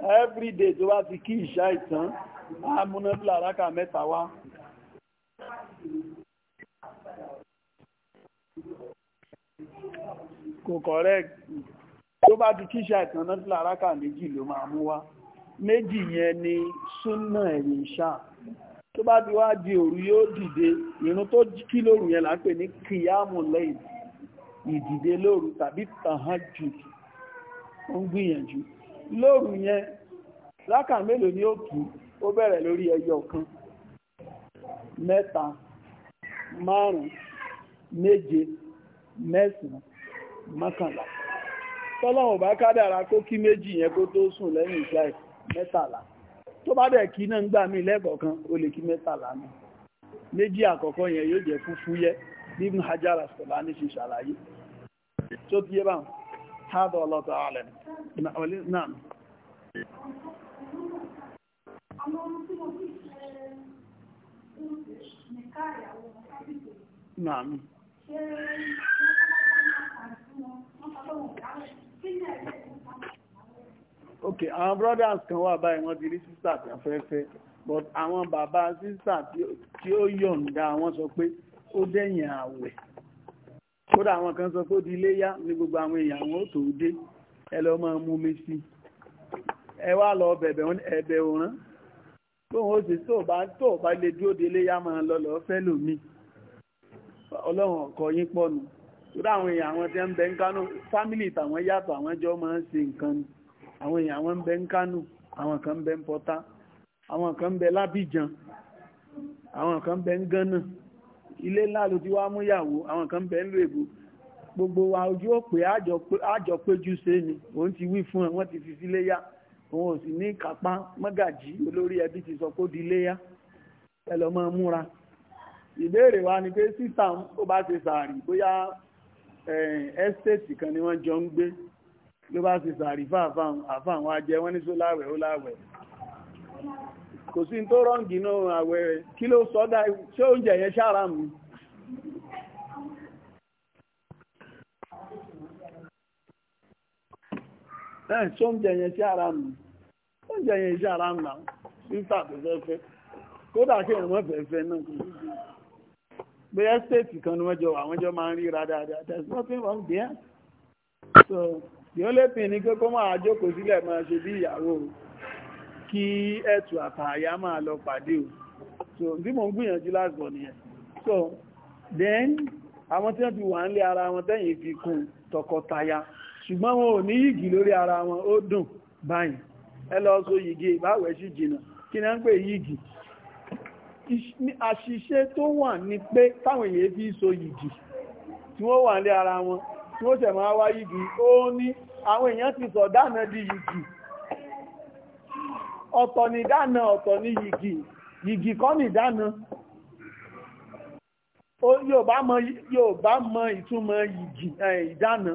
everyday tó bá ti kí ìṣá ìtàn àmúnábílà rákà mẹ́ta wá kò correct tó bá ti kí ìṣá ìtàn nábílà rákà méjì ló máa mú wá méjì yẹn ni súnà ẹ̀yìn ìṣá tó bá ti wá di òru yóò dìde ìrun tó kí lóru yẹn là ní kìyàmù lẹ́yìn ìdìde lóru tàbí tàhájù ó ń gbìyànjú lóru yẹn raka mélòó ni ó kì ó bẹ̀rẹ̀ lórí ẹyọ kan mẹ́ta márùn méje mẹ́sàn-án mọ́kànlá tọ́lọ́wọ̀n bá kádàrá kó kí méjì yẹn kó tó sùn lẹ́yìn ìṣá ẹ̀ mẹ́tàlá tó bá dẹ̀ kí náà ń gbà mí lẹ́kọ̀ọ̀kan ó lè kí mẹ́tàlá mi méjì àkọ́kọ́ yẹn yóò jẹ́ هذا والله تعالى نعم نعم Okay. Our brothers kan wà báyìí wọ́n ti rí sísà tí a fẹ́ fẹ́ but àwọn bàbá sísà tí ó yọ̀ǹda wọ́n sọ pé ó dẹ̀yìn àwẹ̀ kódà àwọn kan sọ pé di ilé yá ní gbogbo àwọn èèyàn àwọn òtò dé ẹ lọ máa mú mi sí ẹ wá lọ bẹ̀bẹ̀ ẹ̀bẹ̀ òrán tóun ó sì tó bá tó bá lè dúró di ilé yá máa lọ lọ fẹ́ lòmí ọlọ́run ọ̀kọ́ yín pọ̀nù kódà àwọn èèyàn àwọn tí ń bẹ ń kánú fámìlì tàwọn yàtọ̀ àwọn jọ máa ń ṣe nǹkan ni àwọn èèyàn àwọn ń bẹ ń kánú àwọn kan ń bẹ ń pọta àwọn kan ń bẹ lábìjan àwọn kan ń bẹ ń gánà ilé ńlá ló ti wá mú yàwó àwọn kan bẹ̀ ń lò èbò gbogbo wa ojú ó pé àjọ péjú ṣe ni òun ti wí fún ẹ wọ́n ti fi sí léyà òun ò sì ní kápá mọ́gàjí olórí ẹbí ti sọ kó di léyà ẹ lọ mọ́ múra ìbéèrè wa ni pé sísà ó bá ṣe sàárì bóyá ẹ́stéètì kan ni wọ́n jọ ń gbé ló bá ṣe sàárì fáfáhùn àfáhùn wa jẹ wọ́n ní sóláwẹ̀ ó láwẹ̀ kò sí tó rọ́ǹgì náà àwẹ̀ rẹ̀ kí ló sọ́dá ṣé oúnjẹ yẹn ṣára mú ẹ̀ ṣé oúnjẹ yẹn ṣára mú oúnjẹ yẹn ṣára mú náà sísà tó fẹ́ fẹ́ kódà kí ẹ̀rọ mọ́ fẹ́ fẹ́ náà kò sí pé ẹ́stéètì kan ni wọ́n àwọn jọ máa ń ríra dáadáa there is nothing wrong there so the only thing ni pé máa jókòó sílẹ̀ máa ṣe bí ìyàwó kí ẹ̀tù àtàyà máa lọ pàdé o so bí mo ń gbìyànjú lásìkò nìyẹn so then àwọn tí wọ́n ti wà ń lé ara wọn tẹ́yìn fi kún tọkọtaya ṣùgbọ́n wọn ò ní yìgì lórí ara wọn ó dùn báyìí ẹ lọ so yìgì ìbáwẹ̀ sí jìnà kí náà ń pè yìgì àṣìṣe tó wà ní pé táwọn èèyàn fi so yìgì tí wọ́n wà ń lé ara wọn tí wọ́n ṣẹ̀ máa wá yìgì ó ní àwọn èèyàn ti sọ̀dánà di yìgì ọ̀tọ̀ ni ìdáná ọ̀tọ̀ ni yìgì yìgì kọ́ ni ìdáná mọ ìtumọ̀ yìgì ìdáná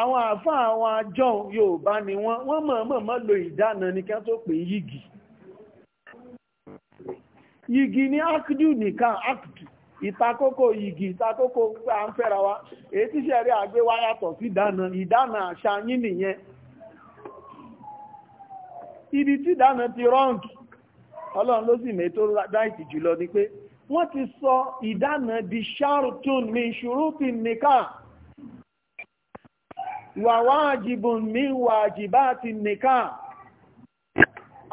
àwọn àfá àwọn àjọ Yorùbá ni wọ́n wọ́n mọ̀ọ́mọ̀ lo ìdáná ní kẹ́ tó pè yìgì yìgì ní akdu nìkan akdu ìtakókò yìgì ìtakókò pé à ń fẹ́ra wa èyí ibi tí ìdáná ti rọ́ǹkì ọlọ́run ló sì mẹ́ tó dáìtì jùlọ ni pé wọ́n ti sọ ìdáná di sharutun min shuruti nikah wà wájibun min wajibati nikah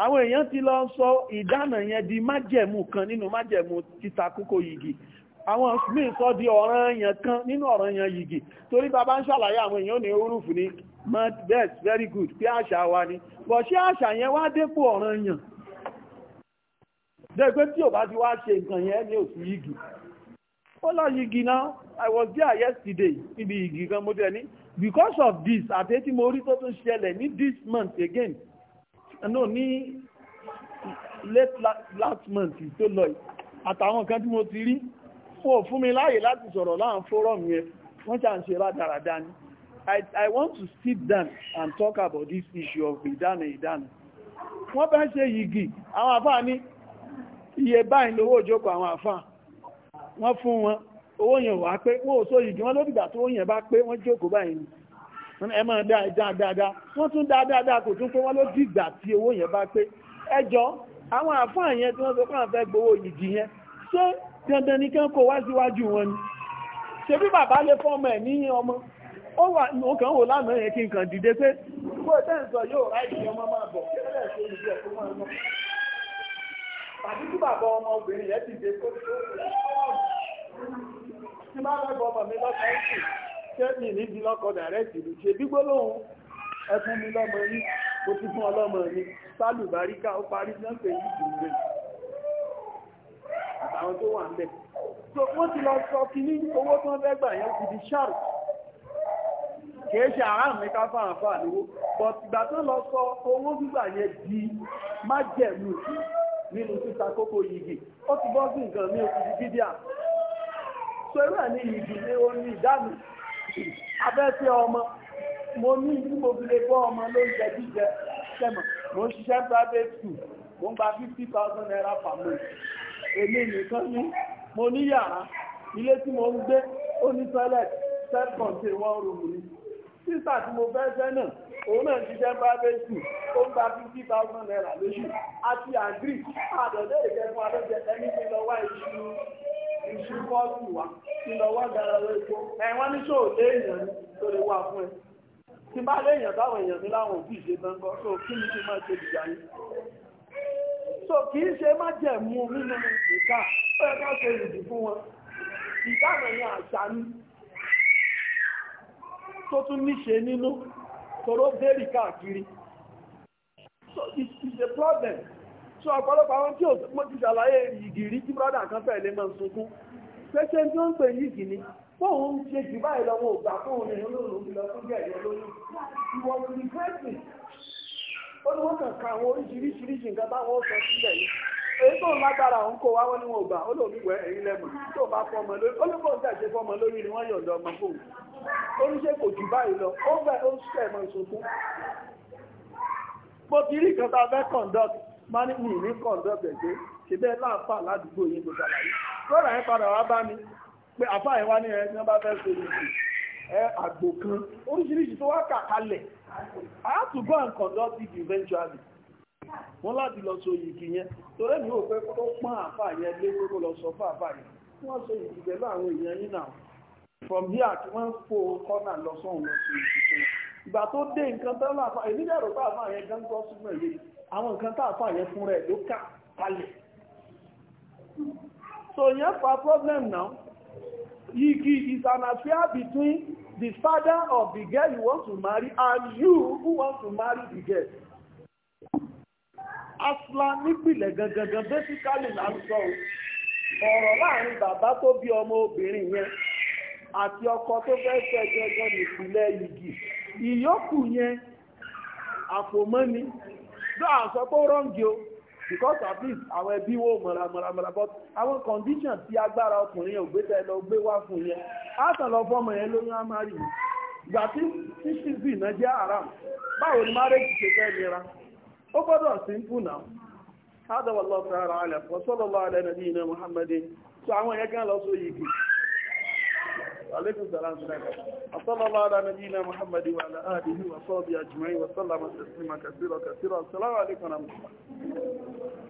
àwọn èèyàn ti lọ sọ ìdáná yẹn di májẹ̀mú kan nínú májẹ̀mú títa kókó yìí àwọn míì sọ di ọ̀ranyàn kan nínú ọ̀ranyàn yìí torí bàbá ń ṣàlàyé àwọn èèyàn ní orúfù ní yes very good pé àṣà wa ni bọ̀ ṣé àṣà yẹn wá dépò ọ̀ràn yàn dẹ́gbẹ́ tí ò bá ti wá ṣe nǹkan yẹn ní òsì igi ó lọ igi náà i was there yesterday níbi igi kan mo tẹ̀ because of this àti tí mo rí tó tún ṣẹlẹ̀ ní this month again no ní late last month tó lọ àtàwọn kan tí mo ti rí fún òfún mi láàyè láti sọ̀rọ̀ láàrín fórọ̀mù yẹn wọ́n ṣà ń ni I, I want to sit down and talk about this issue of ìdána ìdána. Wọ́n bá ń ṣe yìgì, àwọn àfáà ní iye báyìí lówó ìjókòó àwọn àfáà. Wọ́n fún wọn, owó yẹn wà pé, wọ́n ò só yìgì, wọ́n lóbìgbà tó yẹn bá pé wọ́n jókòó báyìí. Ẹ máa dáadáa dáadáa. Wọ́n tún dáadáa kò tún pé wọ́n ló dìgbà tí owó yẹn bá pé. Ẹjọ́, àwọn àfáà yẹn tí wọ́n sọ pé àwọn fẹ́ gbowó yìgì yẹn, ṣé dandan nìkan kò wá síwájú wọn ni? Ṣebí bàbá lè fọ́mọ ẹ̀ níyìn ọmọ? ó wà ó kàn wò lánàá yẹn kí n kàn dìde pé kó o tẹ́ǹsọ yóò ráì ìyẹn ọmọ máa bọ̀ kí lẹ́ẹ̀ ṣe ìdí ẹ̀kọ́ máa lọ tàbí tí bàbá ọmọ obìnrin yẹn ti dé kó tó tí bá lọ́gbọ́ ọmọ mi lọ́kọ̀ ẹ̀sì ṣé mi ní di lọ́kọ̀ dàrẹ́tì ló ṣe gbígbólóhùn ẹfún mi lọ́mọ yìí mo ti fún ọlọ́mọ mi sálù bàríkà ó parí náà pé yìí dùn lé àtàwọn tó wà ń bẹ̀. so wọ́n ti lọ sọ kínní owó tó ń fẹ́ gbà yẹn ti di ṣáàrù kìí ṣe àráàmì káfà àǹfà níwó but ìgbà tó lọ sọ owó gbígbà yẹn di májẹ̀mú nínú títa kókó yìgì ó ti bọ́ sí nǹkan ní oṣù dídíà so irú ẹ̀ ní yìgì ní ó ní ìdánù abẹ́fẹ́ ọmọ mo ní ìlú mo fi lè bọ́ ọmọ lóúnjẹ jíjẹ sẹ́mọ̀ mo ń ṣiṣẹ́ private school mo ń gba fifty thousand naira per month èmi nìkan ní mo ní yàrá ilé tí mo ń gbé ó ní toilet self contained one room ni sísà tí mo fẹ́ fẹ́ náà òun náà ti jẹ́ bá ó ń gba fifty naira lóṣù àti àgírí àdọ̀dẹ́ ìkẹfún alójẹ ẹni tí lọ́wọ́ ìṣú ìṣú fọ́ọ̀tù wa tí lọ́wọ́ gara lóko ẹ̀wọ́n ní ṣòó lé èèyàn tó lè wà fún ẹ tí bá lé táwọn èèyàn ní láwọn òbí ìṣe tán kọ́ so kí ni kí máa ṣe ìjà yín so kì í ṣe má jẹ̀mú nínú ìka ó yẹ ká ṣe ìdì fún wọn ìdáná ni àṣà ni tó tún níṣe nínú tòró bẹ́rì káàkiri so it's a problem so ọ̀pọ̀lọpọ̀ àwọn tí mo ti ṣàlàyé ìgìrí tí brọ́dà kan fẹ̀lé máa sunkún pẹ́ṣẹ́ tí ó ń pè ní ìgìní fóun ṣe jù báyìí lọ́wọ́ ògbà fóun ní olóòrùn lọ fún gẹ̀ẹ́rẹ́ olóyún ìwọ̀n regretting ó ní wọ́n kàn ka àwọn oríṣiríṣiríṣi nǹkan táwọn ó sọ sílẹ̀ yìí èyí tó lágbára òun kó wá wọn ò gbà ó lóun lẹ́mọ̀ tó bá fọmọ lórí fọmọ lórí ọmọ fóun ó ní kò jù báyìí lọ ó bẹ̀ ó ṣẹ̀ mọ́ ìṣòkún mo ti rí ìkọta fẹ́ conduct máa ní mi ní conduct ṣe bẹ́ẹ̀ láàfà ládùúgbò ṣàlàyé lọ́rọ̀ padà wá bá mi pé àfà wọ́n láti lọ so yìí kìí yẹn torí mi ò fẹ́ kó pọ́n àfà yẹn lé kó lọ sọ fún àfà yẹn wọ́n so yìí pẹ̀lú àwọn èèyàn yìí náà from here tí wọ́n fò kọ́nà lọ sọ́hun lọ so yìí kìí ìgbà tó dé nǹkan tán láàfà èmi dẹ̀rọ bá àfà yẹn gán gbọ́ súnmọ́ yìí àwọn nǹkan tá àfà yẹn fún rẹ̀ ló kà kalẹ̀ so yẹn fa problem now Yigi is an affair between the father of the girl you want to marry and you who want to marry the girl. asla nípìnlẹ̀ gangan basically là ń sọ ọ̀rọ̀ láàrin bàbá tó bí ọmọ obìnrin yẹn àti ọkọ tó fẹ́ fẹ́ gangan nípìnlẹ̀ igi ìyókù yẹn àfòmọ́ni ló à ń sọ pé ó because at least àwọn ẹbí wo mọ̀ràmọ̀ràmọ̀rà but àwọn condition agbára ọkùnrin yẹn fún yẹn á lọ yẹn lóyún á má rí tí náà jẹ́ àrà báwo ó gbọ́dọ̀ simple now hádà wà lọ́ta ara alẹ́ wọ́sọ́lọ́lọ́ alẹ́ nàbí iná muhammadu tó àwọn ẹ̀yẹ́ gán lọ só yìí alaikum salam sallallahu ala nabiyyina muhammadin wa ala alihi wa sahbihi ajma'in